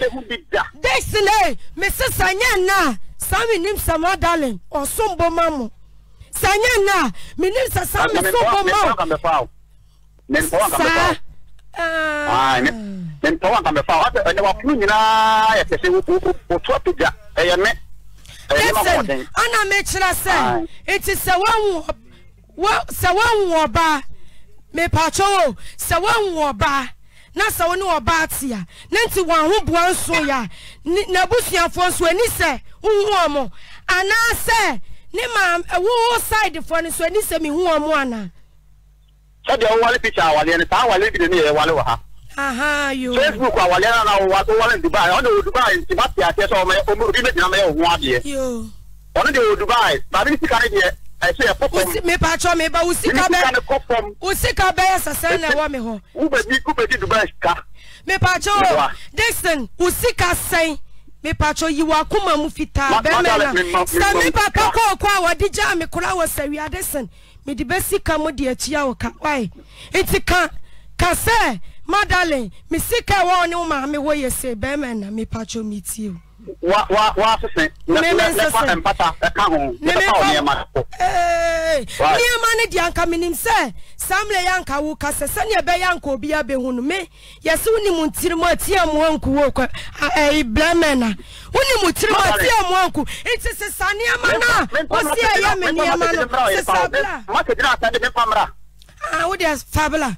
dison e eh, me se sɛ nyɛ nna a saa menim sɛ madalen ɔsombo ma mo sɛ nyɛ nna a menim sɛ saa mesombo ma wo saa ah. mempɛ wanka mɛfa ɛnɛ wafunu nyinaa yɛ sɛ sɛ wotoa pagya ɛyɛ me ɛsɛn ana mekyerɛ sɛ nti sɛ sɛ woahu ɔbaa mepatwɛ o sɛ woahu ɔbaa na sɛ wo ne na te a ne nti wɔahoboa nso yɛ a n'abusuafoɔ nso ani sɛ wohu ɔmo anaasɛ ne ma wowo sidefoɔ no so ani sɛ mehu ɔmo anaa sɛdeɛ wowale pikya awaleɛ no saa awaleɛ bi ne ha facebook àwọn lẹ́yìn ara wa tó wọlé dubai ọ̀nà òwò dubai ti bá ti àti ẹ̀sọ́ ọmọ ọmọ orí méjì náà ọ̀hún adìẹ ọ̀nà òwò dubai tàbí ní síkà nìyẹn ẹ̀sẹ̀ ẹ̀kọ́ pọ̀ mu mi pàtó mi bá usika bẹ́ẹ̀ usika bẹ́ẹ̀ sẹ̀sẹ̀ ńlẹ̀ wọ́ mi hàn. wúbẹ̀bí wúbẹ̀bí dubai ká. mi pàtó dixon usika sẹ́yìn mi pàtó yìí wà kúmọ̀ mu fitaa bẹ́ẹ̀ mẹ́ra sami papa kọ̀ọ̀kọ̀ àwọn díjà mi kúrò àwọn sẹ̀wíà dixon mi dì bẹ́ẹ̀ sika mu di ẹ̀kyí àwọn ká wáyé ètí kan kà sẹ́ẹ̀ madalen me sika ɛwɔ ne wo maame wɔ se sɛ bɛrima na mepatwo metie o wa wa wa sese mmemme nsese mpata ɛka ho ɛka ho nneɛma ko. nneɛma no deɛ anka menim sɛ samle yɛ anka wo kasɛ sɛneɛ ɛbɛyɛ anka obi abɛhu no me yɛsɛ wonim ntiri mu atia mu anku wo kɔ blɛmɛ na wonim ntiri mu atia mu anku nti sesa nneɛma no a ah. wosi ɛyɛ me nneɛma no sesa bla. wode fabla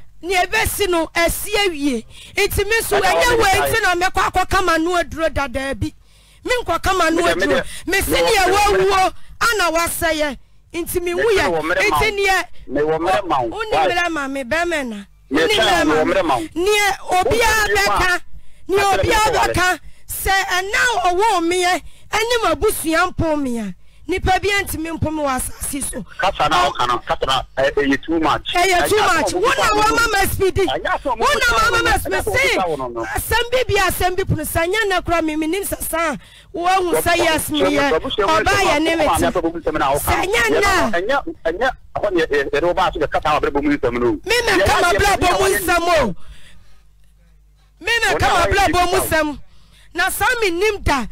n'ebe ebesi no esi ewie nti mi nso e wo eti e- na mekɔ akɔ kama no aduro dadaa bi e mi nkɔ kama no aduro mesi nea wawuo ana wasɛyɛ nti mi wu yɛ nti nea wo ni mmerɛ ma mi bɛrɛ na wo ni ma nea obiara bɛka nea obiara nipa bi ntumi mpom wɔ asase so. kasa na ɔka no kasa na too much. ɛyɛ too much wọn na wọn ma ma spidi wọn na wọn ma ma spidi asɛm bi bi asɛm bi pono sa nya na kura mimi nim ni wɔn ahu sɛ yas mi yɛ ɔba yɛ ne mi ti sa na. mi na kama bla bɔ mu nsɛm o mi na kama bla bɔ mu nsɛm na saa mi nim da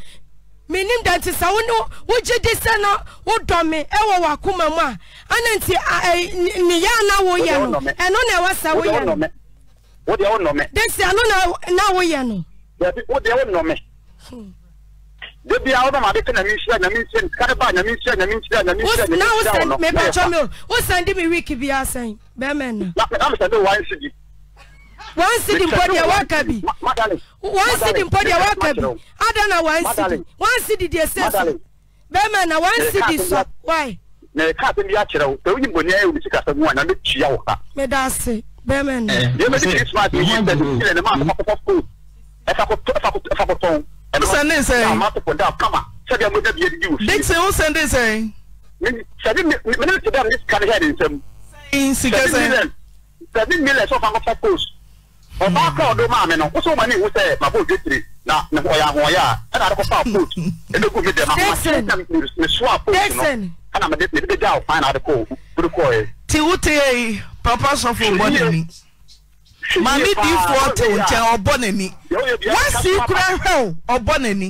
menim da nti sɛ wo ne wogye di sɛ na wodɔ me ɛwɔ wakoma mu a ana nti neyɛ na woyɛ no ɛno na ɛwɔ sɛ woyɛ no wode wo nnɔme desi ɛno na woyɛ no wode wo nnɔme hmm. debi a wobɛma ade ka na menhyira na menhyira kare ba na menhyira na menhyira na menhyira na menhyira na wosɛn mepatwɔ me o wosɛn de me week biaa sɛn bɛrima no na mesɛn de wan sidi wansidi mpɔ deɛ waka bi wansidi mpɔ deɛ waka bi ada na wansidi wansidi deɛ sɛ so bɛrima na wansidi sɔ wae. na ɛka asɛm bi akyerɛ wo sɛ wonyim bɔne ayɛ wo sika sɛ mu a na mɛtua wo ka meda ase bɛrima no deɛ mɛde christmas yi sɛ sɛ ne ma akɔfa kɔfa fo ɛfa kɔtɔn ɛsɛne sɛ amatopɔ da kama sɛdeɛ mɔda bi adidi wo fie dixi wo sɛnde sɛ sɛde mene te dɛ me sika no hɛ ne nsɛm sika sɛ sɛde milɛ sɛ ɔfa kɔfa coast ọba aka ọdọ maame no wosọ ọmọ ni iwu sẹ mabọ ojú tiri na ọyà ahọọyà a ẹna adakọ fa apot hmm. edegu mi dẹ ma ho ase na mi so apot no ẹna mi de mi de gya ọfan na adakọ ojú kọ ẹ. ti wo te yi papa sọfọ n'ani maame di ifo te nkyɛn ɔbɔ n'ani wasi kura hɛw ɔbɔ n'ani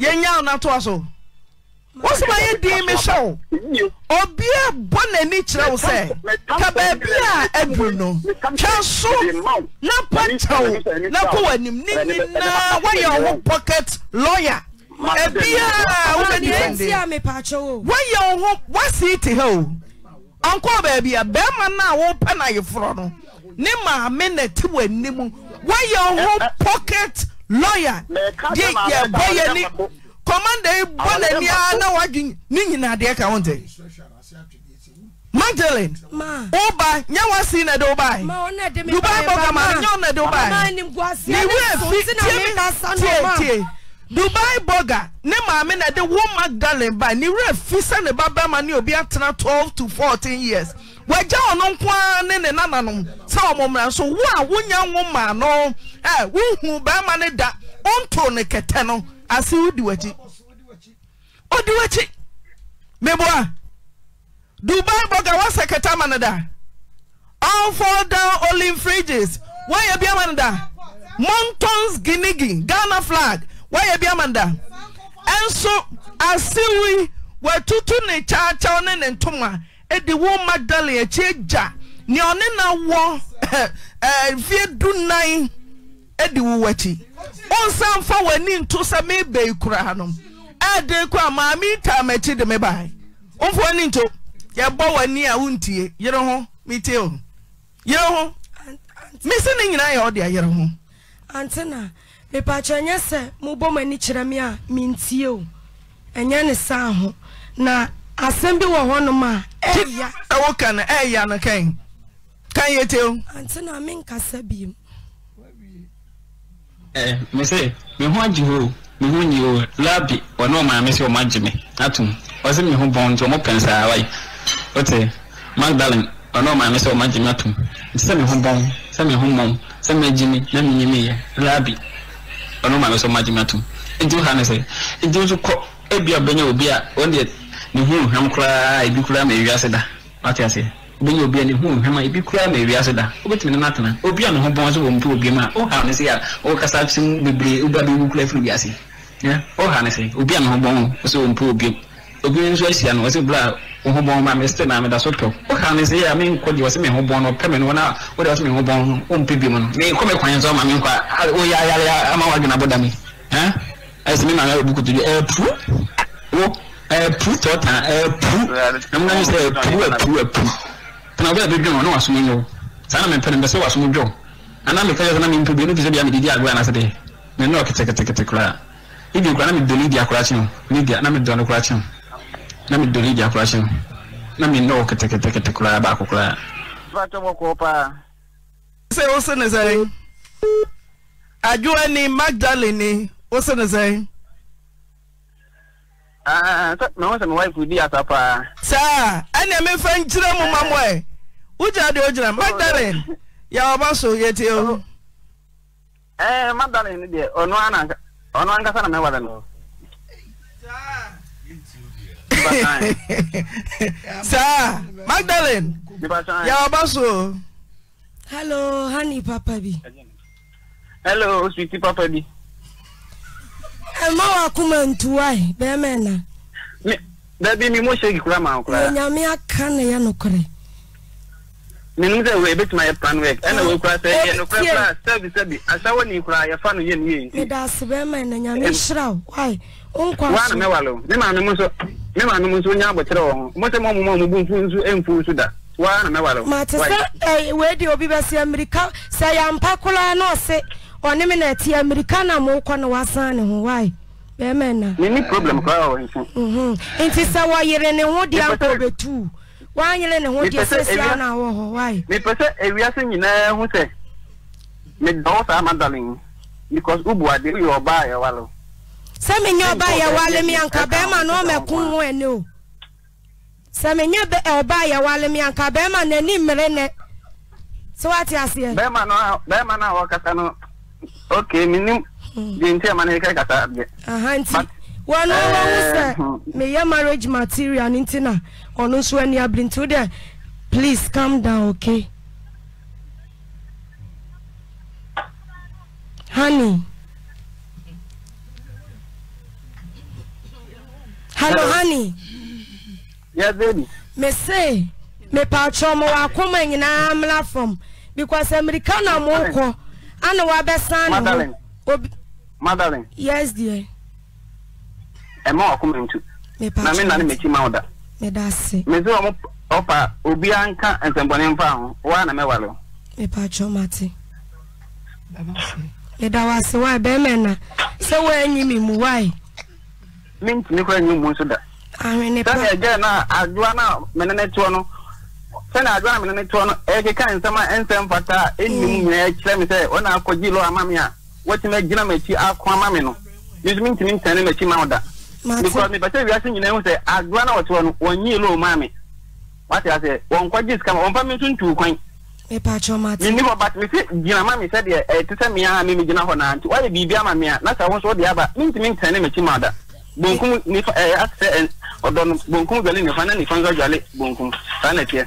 yɛn nyɛ ɔnato aso. What's my din Mr. Obi? obia bɔ n'ani kyerɛ wo sɛ ka baabi a aduru no twa na pa kyɛ wo na kɔ w'anim ne nyinaa woayɛ wo pocket lawyer ebiaa wobɛdi dɛnde woayɛ wo ho woasii te ha o ɔnkɔɔ baabi a bɛrima no a wopɛ no ayeforɔ no ne maame na pocket lawyer deɛ yɛbɔ yɛ ni kɔmanda yi bɔ n'ani a na wadwi ni nyinaa deɛ ka ho ntɛ magdalen woba nyɛ wasi na de woba dubai bɔgama nyɛ ɔna de woba ne wura fi tietie dubai boga ne maame na de wo magdalen ba ni wura fi sɛ ne ba bɛrima ne obi atena twelve to fourteen years wagya ɔno nkoa ne ne nananom sɛ ɔmo mmira nso wo a wonya nwo maa no ɛ eh, wohu bɛrima ne da ɔnto ne kɛtɛ no ase wodi w'akyi odi w'akyi meboa dubai bɔga wasa kɛtɛ ma all fall down olive fridges wɔyɛ bi ama no da mountains guinea ghana flag wɔyɛ bi ama no da ɛnso asewu yi wɔatutu ne kyaakyaaw ne ne ntoma edi wo magdalen akyi egya nea ɔne na wɔ ɛɛ [LAUGHS] eh, eh, fie dunan edi wo w'akyi. ɔnsa mfa w'ani nto sɛ mebɛi koranom ɛden koa maa meta makyi de me bae ɔmfa w'ani nto yɛbɔ w'ani a wontie yere ho metie o yere ho mese ne nyinaa yɛ ɔde ayere ho ante na nye ɛnyɛ sɛ mobɔ m ani kyerɛ me a mentie o ɛnyɛ ne saa ho na asɛm bi wɔ hɔ nom a ɛya ɛwo ka no ɛya no kan kan yɛteo ante na menkasa biom Eh, me sɛ me ho agye hɔ me ho nyi hɔ labi ɔne ɔmaame sɛ ɔmo agye me atum ɔsɛ me ho bɔn nti ɔmo pɛn saa wae wote magdalen ɔne ɔmaame sɛ ɔmo agye me atum nti sɛ me ho bɔn sɛ me ho mmɔm sɛ me agye me na me nyɛ me yɛ labi ɔne ɔmaame sɛ ɔmo agye me atum nti ha ne sɛ nti nso kɔ ebi a bɛnya obi a wɔn deɛ ne ho nhwɛm koraa ebi koraa ma ewia se da wate aseɛ bɛyɛ obi a ne ho nhwɛm ebi kura ma ewia so da obetumi ne natena obi a ne ho bɔn so wɔ mpo obi mu a ɔha ne se a ɔkasa sem bebree obi a bi wu kura firi bi ase ɔha ne se obi a ne ho bɔn so wɔ mpo obi mu obi nso ahyia no ɔsɛ bla wo ho bɔn ma mi sɛ na meda so tɔ woka ne sɛ a menkɔ deɛ wɔsɛ me ho bɔn no pɛ me no na wode wɔsɛ me ho bɔn no wompɛ bi mu no menkɔ me kwan sɛ ɔma menkɔ a woyɛ ayare ama woadwena bɔda me ɛsɛ me nana obi koto ɛpu wo ɛpu tɔta ɛpu na mona sɛ ɛpu ɛpu ɛpu tana ɔbɛ bɛ dwom ɔno wasom nyɛ wo saa na mempɛ no mpɛ sɛ wasom dwom anaa meka yɛ sɛ na mempɛ bi no fi sɛ bia medidi agorɔ anasɛ deɛ mene ne ɔketeketekete koraa ebi koraa na medɔ ne di akora kyɛn ne di na medɔ ne kora kyɛn na medɔ ne di akora kyɛn na mene ɔ keteketekete koraa baako koraa. fatɔ bɔ kɔɔ paa. sɛ wosɛ ne sɛn adwoa ni magdalen ni wosɛ ne sɛn. Ah, saa ɛna mefa nkyerɛ mu ma mmɔɛ wogya de ogyina oh, magdalen yɛwɔba so yɛtie o oh. eh, magdalen no deɛ ɔno ankasa na mɛwada no saa magdalen yɛwɔba so hello honey papa bi hello sweetie papa bi ɛma wakoma ntuwa bɛrima ɛna baabi mi mo hyɛ gi kura maa kura. nyame aka na yɛ nokorɛ. menim sɛ wei bɛtumi ayɛ plan work ɛna wei kura sɛ yɛ nokorɛ kura sɛbi sɛbi ahyɛwɔ ni kura yɛfa no yɛ no yɛ nti. meda ase bɛrima na nyame hyira wo wae wonkwa so. wa na mɛwale me maame mo nso me maame mo nso nya abɔkyerɛ wɔ ho mo sɛ mo mo mo bu mfu nso mfu nso da wa na mɛwale. maa te sɛ wei de obi bɛsi amirika sɛ yɛampa koraa na ɔse. ɔne me na ɛte amerika na mokɔ na wasan ne ho wae bɛɛma na nti sɛ wɔyere ne ho deɛ nkɔ bɛtuu wanyere ne ho deɛ sɛsia eh, eh. na wɔ hɔ wae mepɛ sɛ awiase nyinaa ho sɛ meda wo saa madalen because wobu ade woyɛ ɔbaa yɛwalo sɛ menyɛ ɔbaa yɛwale me anka bɛɛma na ɔmɛko ho ɛne o sɛ menyɛ ɔbaa yɛwale me anka na n'ani mmere nɛ sɛ woate na bɛɛma no a wɔkasa no okay minim deɛ nti ama ne yɛka kasa deɛ nti wɔno wɔ wo sɛ meyɛ marriage material no nti na ɔno nso ani abere nti wodɛ please calm down okay honey hello honey yeah baby me say me pa chomo akoma nyinaa mla from because america na mo ana wabɛsa obi madalen yes dear ɛma wakoma ntu na me nane m'akyi ma wo da meda ase mese wɔ mo ɔpa obiaa nka nsɛmbɔne mfa ho woa na mɛwale wo mepatwɔ mate meda wo ase wae bɛrima na sɛ woanyi e. me mu wae mentumi kora nyi mu nso da ahwene pa sɛdeɛ agya a adwoa no menene toɔ sani adu amina ne toɔ no ɛkeka nsɛm a ɛnsɛm fata a ɛnum mm. nyinaa kyerɛ me sɛ ɔna akɔgye lɔ ama me a watumi agyina m'akyi ako ama me no mesumi ntumi ntɛne m'akyi ma wo da because mepɛsɛ wiase nyinaa hu sɛ adoa no wɔtoɔ no wɔnyie lɔ maa me wate asɛ wɔnkɔgye sika ma wɔmfa me nso ntuu kwan menni hɔ but mese gyina ma me sɛdeɛ ɛte sɛ mea a memegyina hɔ naa nti woayɛ biribi ama me a na sɛ nso wode aba mentumi ntɛne m'akyi ma wo bonkum nifa ɛɛ asɛ ɔdɔ no bonkum dwale nifa na nifa nso dwale bonkum saa na ɛteɛ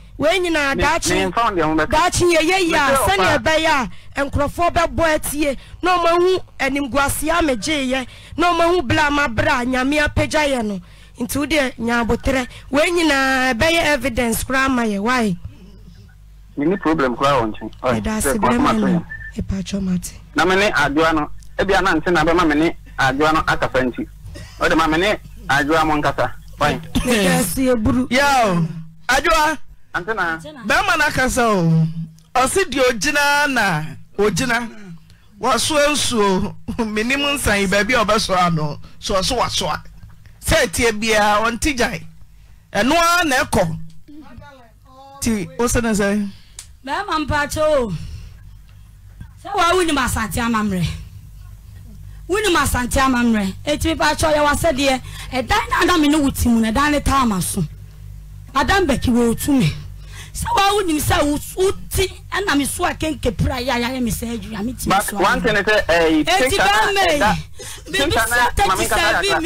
wei nyinaa daakye daakye yɛyɛ yi a sɛnea ɛbɛyɛ a nkurɔfoɔ bɛbɔ atie na ɔmahu animguaseɛ amegyeeyɛ na ɔmahu bla ama berɛ a nyame apagya yɛ no nti wo deɛ nyaabotrɛ wei nyinaa ɛbɛyɛ evidence koraa ma yɛ wae mini problem koraa wɔ nkyɛn ɛdaase brɛma no ɛpatwɔ mate na mene adwoa no ebia na nte na bɛma mene adwoa no akasa nti ɔde ma mene adwoa mo nkasa fine ɛdaase ɛburu yo adwoa bɛrima no akasa o ɔse deɛ na ogyina wasoa nsuo menim nsai baabi a ɔbɛsoa no so ɔso wasoa sɛ atie biaa ɔnte gyae ɛno na ɛkɔ nti o se ne sɛ bɛrima mpakyɛ o sɛ waa wonim asante amammerɛ wonim asante amammerɛ ɛtumi pakyɛ yɛwa sɛdeɛ adam sɛ wa wo nim sɛ wo ti ɛna me so a kenke pra yɛ a yɛayɛ me sɛ adwuma me timi so ɛnti bɛmɛ biribi sɛ thirty seven million ɛne biribi sɛ thirty seven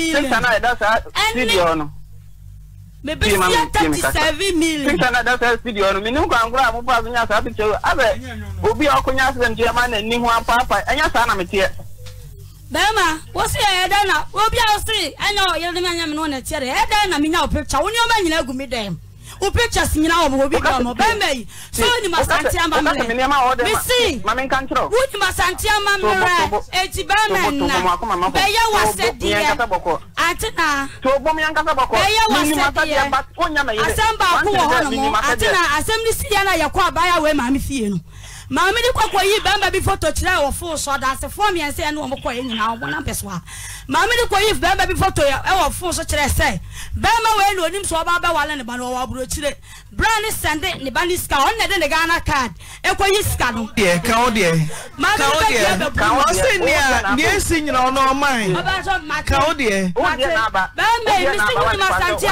million. six hundred ɛsɛ studio no minimu kankura a mo pa so nya saa picture abɛ obi a ɔkɔ nya accident yɛ ma na ni ho apaapa ɛnya saa na me teɛ. bẹẹma wosi ẹ dẹ na obi a wosi ẹ na ọ yẹrẹ mi anya mi na ọ na ẹ tiẹ dẹ na mi nya ọ picture wọn ni ọmọ nyina egu mi dẹ wopeches nyina wɔmbidnbɛmɛyi so nima santeamawonima santeama mwɛ t ɛmɛ nɛɛɛɛɛm kntnaasɛm ne siɛ na ayɛkɔ aba awemam fie n maame ne kɔkɔ yi bɛnba bi foto kyerɛ wɔ fo so ɔdaase fo mmiɛnsa yɛn ne wɔn kɔ yɛ nyinaa wɔn nam pɛso a maame ne kɔ yi bɛnba bi foto yɛ ɛwɔ fo so kyerɛ sɛ bɛnba wɔ ɛna onim so ɔba abɛwale ne ba no ɔwɔ aburokyire braa ne sɛnde ne ba ne sika ɔn na de ne ghana card ɛkɔ yi sika no. deɛ kawo deɛ kawo deɛ kawo deɛ ɔsi nea nea esi nyina ɔno ɔman kawo deɛ bɛnba misi wunim asante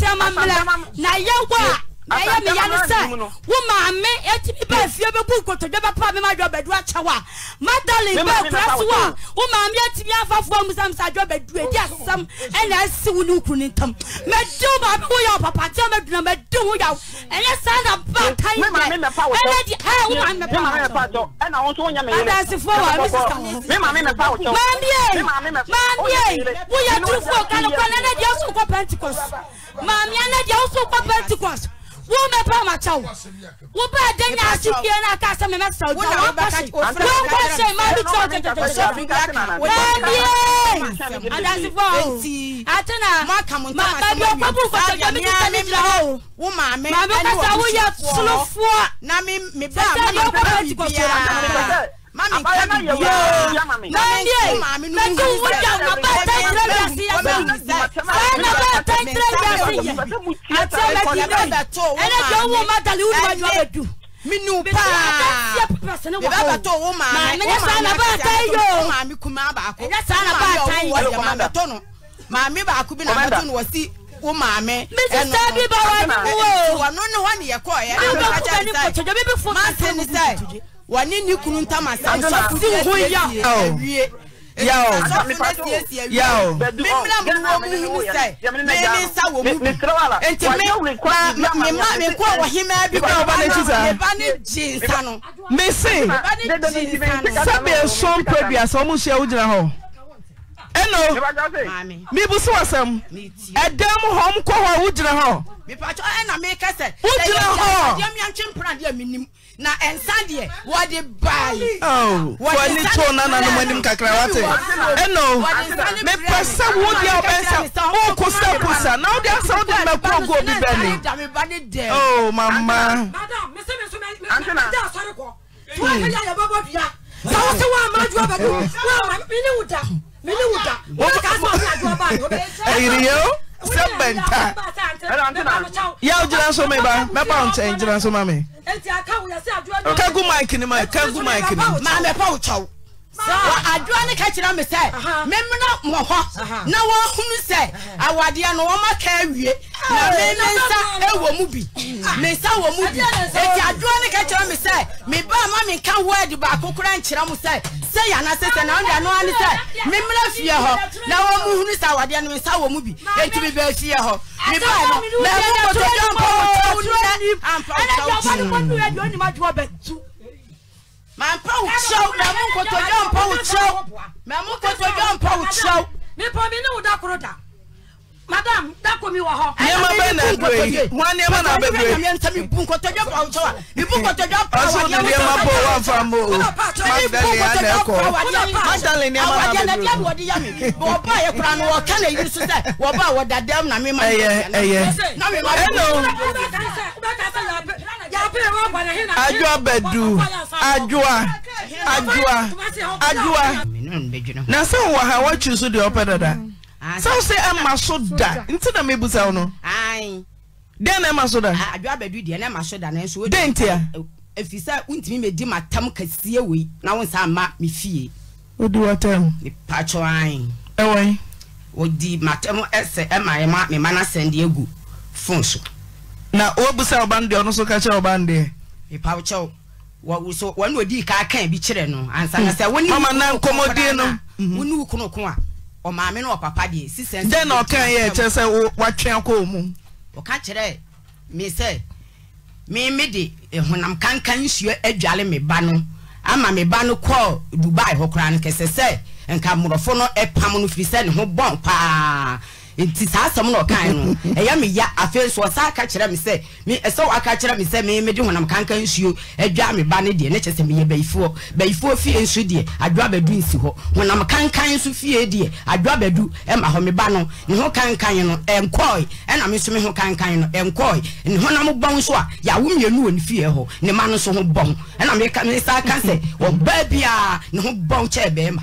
amammerɛ wunim na yɛ wɔ ɛyɛ mi ya ni sɛ wo maame etimi bɛ fie bɛ bu nkotodwe bɛ pa mi ma jɔ bɛdu akyɛw a madali bɛ kura si wa wo maame etimi afa fo musamisa jɔ bɛdu edi asam ɛna esi wo ni nkuru ni ntam mɛ di wo maame wo yɛ ɔpapa tí o mɛ duna mɛ di wo yɛ o ɛyɛ sɛ ɛna ba ta yi dɛ ɛna di ɛ wo maame mɛ pa wɔ tɔ ɛna esi fo wa mi sisa maame maame wo yɛ turu fo kanukɔ ɛna di ɛsu kɔ pentikɔs maame ɛna di ɛsu kɔ pentikɔs wọn bɛ bá ma kyɛw wọn bɛ den yà asi fie náà ká sɛ mɛmɛ sɛ ɔjɔ wọn kɔ se wọn kɔ e se má bi tɔ tɔtɔtɔtɔ ɛbiɛ adansifɔ o atena ma bɛbi ɔkɔ bu kɔtɔ jɛ mi ti sɛ mi jira o maame kasa wo yɛ solofoɔ sɛsɛ yɛ ɔkɔ bɛ ti kɔtɔ la mami kẹmi yoo mami ye mẹtu wújà ma bá tẹ́ntẹ́rẹ́ bí a si yẹ fún mi ẹ na bá tẹ́ntẹ́rẹ́ bí a si yẹ àti ọmọ ẹbí náà ẹni tí ó wù ọmọ àtàlẹ́ wù wájú ọmọ ẹdùn. minu paa bẹbẹ bẹ tó wọ maame maame yẹ sanni bá tẹ yóò maame kuma baako yẹ sanni bá tẹ yóò maame tó no maame baako bi na bẹ tó no wọ si wo maame. mrs tabi bawa ni wo. wọn ni wọn ni yẹ kọ yẹ. maa bẹ kú bẹ ni kòtòjọ bíbí fún mi. maa sẹ ni sẹ wɔne ne kunu ntama sam sɔfo ho yawie mimra mu wɔ mu hu sɛ mɛmi nsa wɔ mu bi nti mi ma mi e ma mi kɔ wɔ hima bi kɔ ba ne ti sa mi ba ne ji nsa no. mi se sábẹ̀ sọ́n pẹ̀lú àṣà ọmú ṣe é wọ́n gyina hɔ ɛnno mibusi wasɛm ɛdɛm hɔ nkɔ hɔ wogyina hɔ wogyina hɔ na nsa deɛ wɔde baayi. wɔn ni tó nana no mo anim kakra wa te ɛnna mepɛ sɛ wo di a ɔbɛ nsa o kusa kusa na o di asa o di mɛ kuro go bi bɛ ni. o mama. sáwọ́ sí wàá má ju ọbẹ̀ tó wàá má mi ní wùdà mi ní wùdà wọ́n kà á sọ̀rọ̀ àjọ báyìí. ẹ̀yìn yẹn o sẹ́gbẹ̀ntà yà á gyina so mi ba mẹ́pà nkyɛn gyina so ma mi. kẹ́gù máìkì ni máìkì kẹ́gù máìkì ni. maa mẹ́pà ò kyɛw. wà àdúrà ni ká kyerɛ mi sɛ mímúná mọ̀ na wọ́n hun sɛ awadeɛ no wọ́n má kẹ́ ẹ̀wìẹ́ na mi mi nsa ɛwɔ mu bi mi nsa wɔ mu bi ètí àdúrà ni ká kyerɛ mi sɛ mi bá a má mi ká wọ́ọ̀dì baako kúrẹ́ nkyerɛ mu sɛ sɛ yɛ anase sɛ na ɔnda no ani sɛ memmerɛ fie hɔ na wɔn mu hunu sɛ awadeɛ no nsa wɔ mu bi enti mi bɛɛ fie hɔ mi baa no na ɛmu kɔtɔ dɔn pɔwɔ wo nɛ ampa wo kyɛw mampa wo kyɛw na ɛmu kɔtɔ dɔn pɔwɔ kyɛw mɛmu kɔtɔ dɔn pɔwɔ kyɛw. mi pɔ mi ni wo da koro da madam dako mi wɔ hɔ. nneɛma bɛ na abere yi wọn nneɛma na abere yi. mi bu nkotodwe pa ɔtɔ wa mi bu nkotodwe pa wa. ɔsùn nneɛma bɔ wa fa mo o magdalen ana ɛkɔ magdalen nneɛma na abere yi. awadeɛ na diɛ ni wɔde yam mi wɔ ba yɛ kura no wɔ kɛnɛ yi so sɛ wɔ ba wɔ dadam na mi ma. ɛyɛ ɛyɛ ɛnno. adwa bɛdu adwa adwa adwa na sɛ wɔ ha wɔtwi so deɛ ɔpɛ dada. Ah, sɛ wo sɛ ah, ɛma so da nti na mebusa wo no Den na ɛma so da ah, dɛn nti a ɛfiri eh, sɛ wontumi mɛdi matam kɛseɛ wei na wo nsa ma me fie wodi watam mepatwɔ an ɛwɔn wɔdi matam ɛsɛ ɛma ɛma mema no asɛnde egu fon so na woabusa ɔba no deɛ ɔno so ka kyerɛ ɔba no deɛ mepawkyɛw wɔne ɔdii kaa kan bi kyerɛ no ansa na sɛ wone mama na nkɔmmɔdie no wone wo konoko a mhm. ɔmaame no ɔpapa deɛ sisɛ nsɛm. dɛn na ɔka yɛ ɛkyɛ sɛ watwɛn kɔɔ mu. ɔka kyerɛ mi sɛ mi mi de ehunam kankan nsuo adwale mi ba no ama mi ba no kɔɔ dubai hɔ koraa no kɛsɛ sɛ nka mmorɔfo no ɛpam no firi sɛ ne ho bɔn paa nti saa asɛm na ɔkae no ɛyɛ me ya afei nso ɔsa aka kyerɛ me sɛ me ɛsɛ aka kyerɛ me sɛ me mede honam kanka nsuo adwa me ba ne deɛ ne kyɛ sɛ meyɛ bayifoɔ bayifoɔ fie nso deɛ adwa bɛdu nsi hɔ honam kankan nso fie deɛ adwa bɛdu ɛma hɔ me ba no ne ho kankan no ɛnkɔe ɛna me nso me ho kankan no ɛnkɔe ne honam bɔn nso a yɛawo mmienu wɔ ne fie hɔ ne ma no nso ho bɔn ɛna me sa ka sɛ ɔbaa biara ne ho bɔn kyɛɛ bɛɛma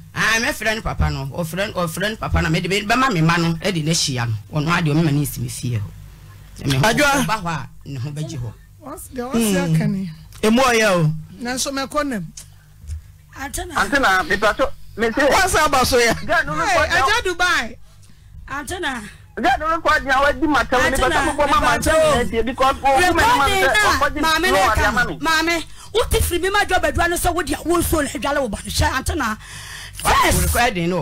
aa ah, mɛfrɛ no papa no ɔfrɛ ɔfrɛ no papa no mɛde bɛma me ma no ɛde ne hyia no ɔno adeɛ ɔmema ne nsimi fie hɔ adwa ba hɔ a ne ho bɛgye hɔ deɛ ɔse hmm. aka ne ɛmu ɔyɛ o nanso mɛkɔ nam antena mepatɔ wasa aba so yɛ agya dubai antena gẹ́gẹ́ ló kọ́ ọdún àwọn ẹbí màtá wọn nípa sọ́kọ́ máa máa jẹ́ ìrìn ẹ̀dì ẹbí kan fún ọdún mẹ́rin máa ń tẹ́ ọkọ́ dín ní ọ̀rẹ́ àmàmì. maame wọ́n ti firi bí má jọ bẹ̀dúrà ní sọ́wọ́ di àwọn oṣù ọ̀lẹ́dúrà lọ́wọ́ bọ̀ ní sẹ́ first akwadaa no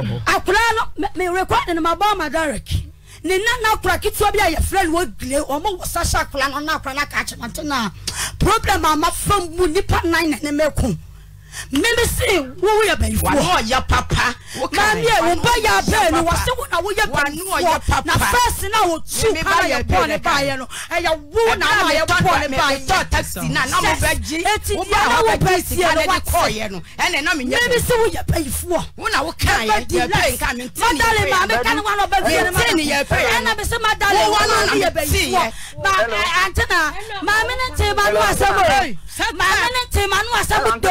mi rekɔdi no ma bɔ ɔma direct ne nana akwadaa ketewa bi a yɛfrɛ no wɔgile ɔmo wɔ sasa akwadaa no na akwadaa no akaakye na ntena problem a ma fam mu nipa nan na ne mɛ kun mímí sí wúwú yẹ bẹyìí fún ọ. wà á yẹ papa. maami ẹ wọn bá yà bẹẹ ni wà sí wọn náà wọ́n yẹ bẹyìí fún ọ na fẹ́ẹ̀sì náà wọ́n tú ká yẹ bọ́ọ̀ ní báyẹn no ẹ yẹ wú náà wọ́n yẹ bọ́ọ̀ ní báyẹn. tọ́ takisi náà náà mo bẹ jí wọ́n bá wọ́n bẹ jí ká lẹ́ni kọ́ yẹ no ẹnna náà mi yẹ bẹ́ẹ̀. mímí sí wọ́n yẹ bẹyìí fún ọ. wọn náà wọ́n kàn yẹ yẹ bẹ́ẹ̀ nǹkan mi tí ni yẹ fẹ́ yẹ maame ne te ma no asɛm do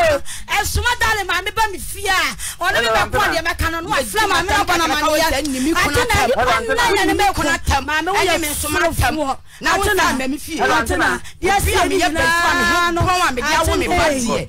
ɛsoma dale maame ba me fie a ɔne me bɛkɔ deɛ mɛka no no afra maame no bɔna maneɛ ate na nipa nna ne ne mɛkɔ no atam maame woyɛ me nsoma fam hɔ na wote na deɛ sɛ me nyinaa no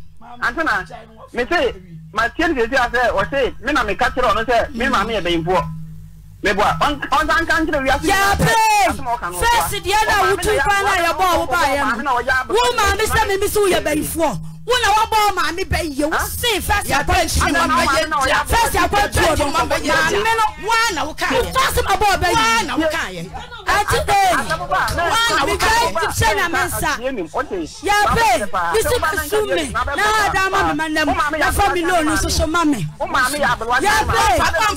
antena me se ma tie ne sɛsi a sɛ ɔse me na meka kyerɛ ɔno sɛ me maame yɛ bɛyimfoɔ meboa ɔnsa nka nkyerɛ wiase yɛpre fɛs deɛ na wotu kwan na yɛbɔɔ wo baayɛ no wo maame sɛ memi so woyɛ bɛyifoɔ wọn na wọn bọ maame bẹ yẹ wọn sè fẹsẹ apọntu na wọn fẹsẹ apọntu ọdún maame no wọn na wọn kàn yẹ fẹsẹ ma bọ ọbẹ yìí wọn na wọn kàn yẹ àti bẹẹ wọn na wọn kàn yẹ ti sẹ na mẹ nsa yà bẹẹ bisi ma su mi na ha da ma mi ma nẹ mu na fọ mi lóònù soso ma mi yà bẹẹ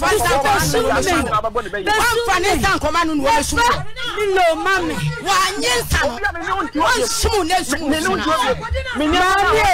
bisi ma su mi bẹ su mi na fọ mi lóò ma mi wà á nyé nsa wọn sùn ne sùn sùn maame.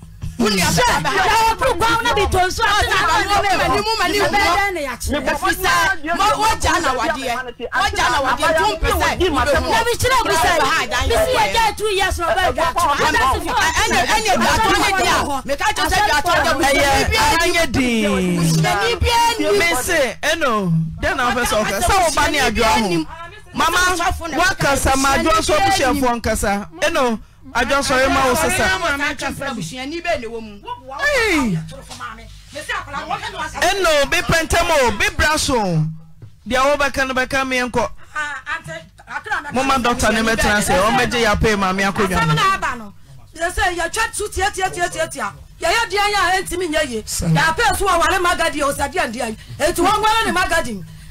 sɛ yɛwɔ kuru kwan na de to nsu ase na ɔno bɛ wɔ ɛbɛyɛ dɛn ne yakyɛ ɛfisɛ wɔgya na wadeɛ wɔgya na wadeɛ tun pɛsɛ na bi kyerɛ bi sɛ bisi yɛ gya two years na ɔbɛ gya to ɛnɛ ɛnɛ duatɔ ne di a meka kyerɛ sɛ duatɔ de mu ɛyɛ ɛyɛ dii mɛni biɛ ni mɛnsi ɛnɔ dɛn na ɔfɛ sɛ ɔfɛ sɛ ɔba ni adwa ho mama wakasa ma adwa so ɔbi hyɛ fo nkasa ɛnɔ ajọsọrọ ah, ma wo sisan. ɛnna obi pɛntɛm o bi bra so deɛ wɔbɛka no bɛka mi nkɔ moma dɔkta ne mɛtena sɛ ɔmɛgye yɛ apɛ maame akɔdwa sɛ yɛtwa tu tiatiatiatiatia yɛyɛ deɛ yɛ a ɛntimi nyɛ ye yɛapɛ so wɔware magadin ɔsadeɛ ndeɛ yi ɛnti wɔnware ne magadin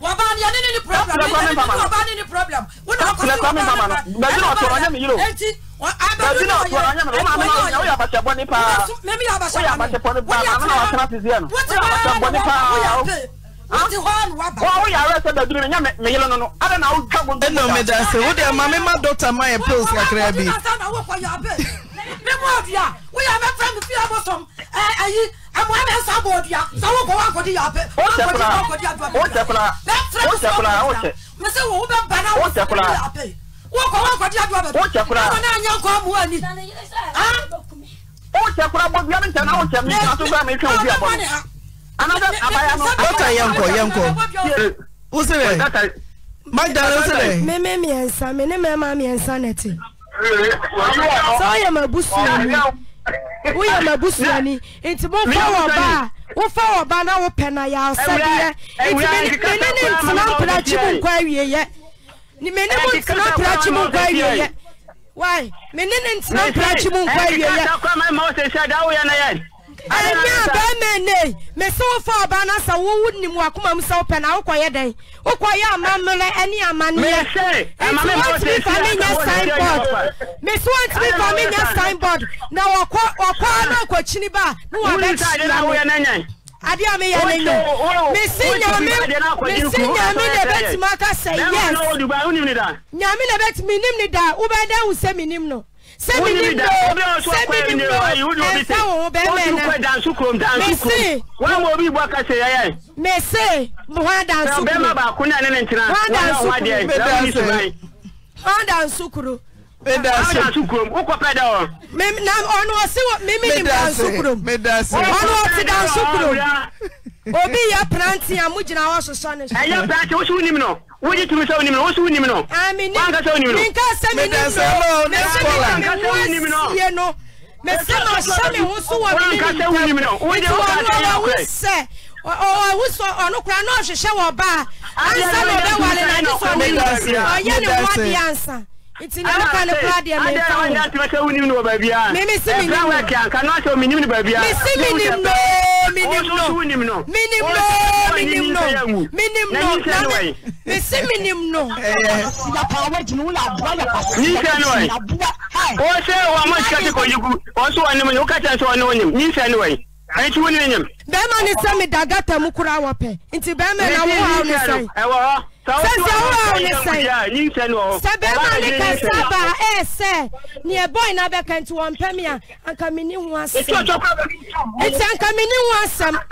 wọba ni ẹni ni ni problem ni ẹni ni wọba ni ni problem wọn náà kọ sí wọba ni problem ẹni wọba ni eti abẹ́bí náà yẹ ẹni wọ́n yẹ wọ́n yẹ mímí yà abàṣẹ bọ́ ni pa wọ́n yà pé wọ́n ti wá ẹni wọ́n yà pé nti hɔ anu waba. wɔn o yàrá ɛsɛ bɛduru mi n yà mɛ yɛlɛ nono ada na awo jago. ɛnna omi da se o de ɛ maame ma dɔkita ma yɛ pills kakra bi. ɔtí na awo kɔ yà bɛ bí mu ɔdua wọ́n yà mɛ fẹ́ mi fi ɛbɔ sɔm ɛ ɛyi ɛmu ɛmɛ sá bɔ ɔdua sáwọ́ kɔ wà kɔdi yà bɛ. o tɛ fana o tɛ fana o tɛ fana o tɛ. mɛsɛ wo bɛ bana o tɛ fana wọ́n kɔ wà kɔdi yà bɛ. o tɛ fana ɛmu n'an yɛ nkɔ mu ɛni. o tɛ fana bɔ biya mi tɛ n'a o tɛ mi dɔkta yɛnkɔ yɛnkɔ wusi dɛ magdala wusi dɛ. mɛmɛ miɛnsa mɛ ne mɛma miɛnsa nɛ ti. sɛ woyɛ ma busuani woyɛ ma busuani nti mofa wɔ ba a wofa wɔ ba na wopɛ na yɛ awsɛdeɛ nti mene ne ntena mprakye mu nkɔ awieyɛ mene mu ntena mprakye mu nkɔ awieyɛ wae mene ne ntena mprakye mu nkɔ awieyɛ ɛyɛa bɛmɛne me se wo fa aba nosa wowonim wakomam sɛ wo pɛno wokɔyɛ dɛn wokɔyɛ ama mɛ neamaneɛ mes wantimi fa menyɛ sinboard na kɔa no akkyeni ba ademɛɛ nyame bɛtmi akasɛnyame bɛtu menim ne daa wobɛdɛ wo sɛ menim no sẹ́mi ní bro sẹ́mi ní bro ẹ̀sẹ̀ wò bẹ́ẹ̀ mẹ́ na mèsè wọ́n mọ̀ obi bọ́ kẹsẹ̀ yẹ́yẹ́. mèsè wọ́n dàn sukuru bẹ́ẹ̀ má baako ní ẹni ntina wọ́n dàn sukuru wọ́n dàn sukuru. wọ́n dàn sukuru o kọ pẹ́ sukuru obi yɛ pranti a mo gyina hɔ sosɔ ne so. ɛyɛ pranti wosi wunim no wogye tumi sɛ wunim no wosi wunim no. ami ah, ni wankasa wunim no. minka sɛ mi nim no ne sɛ mi na mi wɔ sie no mɛ sɛ ma hyɛ mi ho so wɔ mi nim no nti wɔn no wɔ wo sɛ ɔwɔ sɔ ɔno kura na ɔhyehyɛ wɔ ba ansa na ɔbɛwale na ne sɔ ne nim ɔyɛ ne ho ansa nti na wokale kora deɛ memfawontmɛsɛ wonim no wɔ baabiaa memesemenka na sɛ menim no baabiaa mese menim no menim no menim no menim no menim no mese menim no ninsɛ no ɛ wɔ sɛ wɔ ma sika te kɔyigu ɔ so wɔnem woka kyɛ sɛ ɔne wonim ninsɛ no ɛ ɛnti wonim nyim bɛrima ne sɛ medagata mu koraa wɔpɛ nti bɛrima na wohaw ne sɛn ɛwɔ hɔ sɛsɛ wura wo ne sɛn sɛ bɛrima ne kasa ba ɛ sɛ neɛ bɔi na bɛka nti wɔn pɛ me a anka mene ho asɛm nti anka mene ho asɛm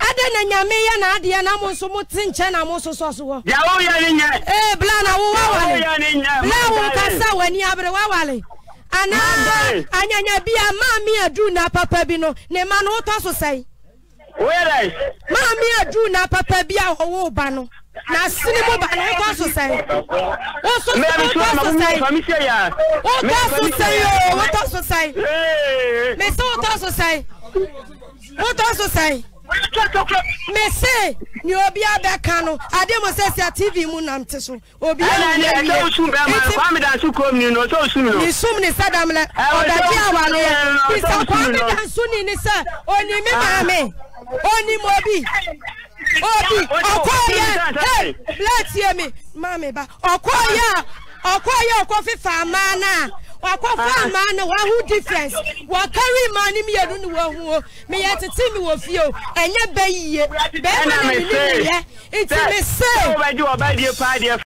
adɛ na nyame yɛ na adeɛ na mo nso mote nkyɛn na mo nso sɔ so hɔ ee eh, bla na wo wale. bla wo kasa w'ani abere wawale anaa anyanya bi a maa mi adu na papa bi no ne ma no wotɔ so sɛe maa mi adu na papa bi a ɔwɔ ba no na sini mu ba na ɛkɔ so sɛn wosɔ wotɔ so sɛn wotɔ so sɛn yoo wotɔ so sɛn mesi wotɔ so sɛn wotɔ so sɛn mesi ni obi abɛka no ade mo sɛ sia tv mu nam te so obi a ni yɛ ni sum ni sɛ dam lɛ ti awa ni. yɛ nisa kwame danso ni ni mi onimi Oni mo bi obi ọkọ ya blẹti emi maami ba ọkọ ya ọkọ ya ọkọ fífa amaa náà wakọ fún ah, ah. amaa náà wàá hu difference wọ́n kárí màá ní mìíràn ni wọ́n hu o mi yẹ títí mi wò fi o ẹ̀yẹ bẹ́ẹ̀ yíyẹ bẹ́ẹ̀ mi ni mi yẹ ntì mi sè.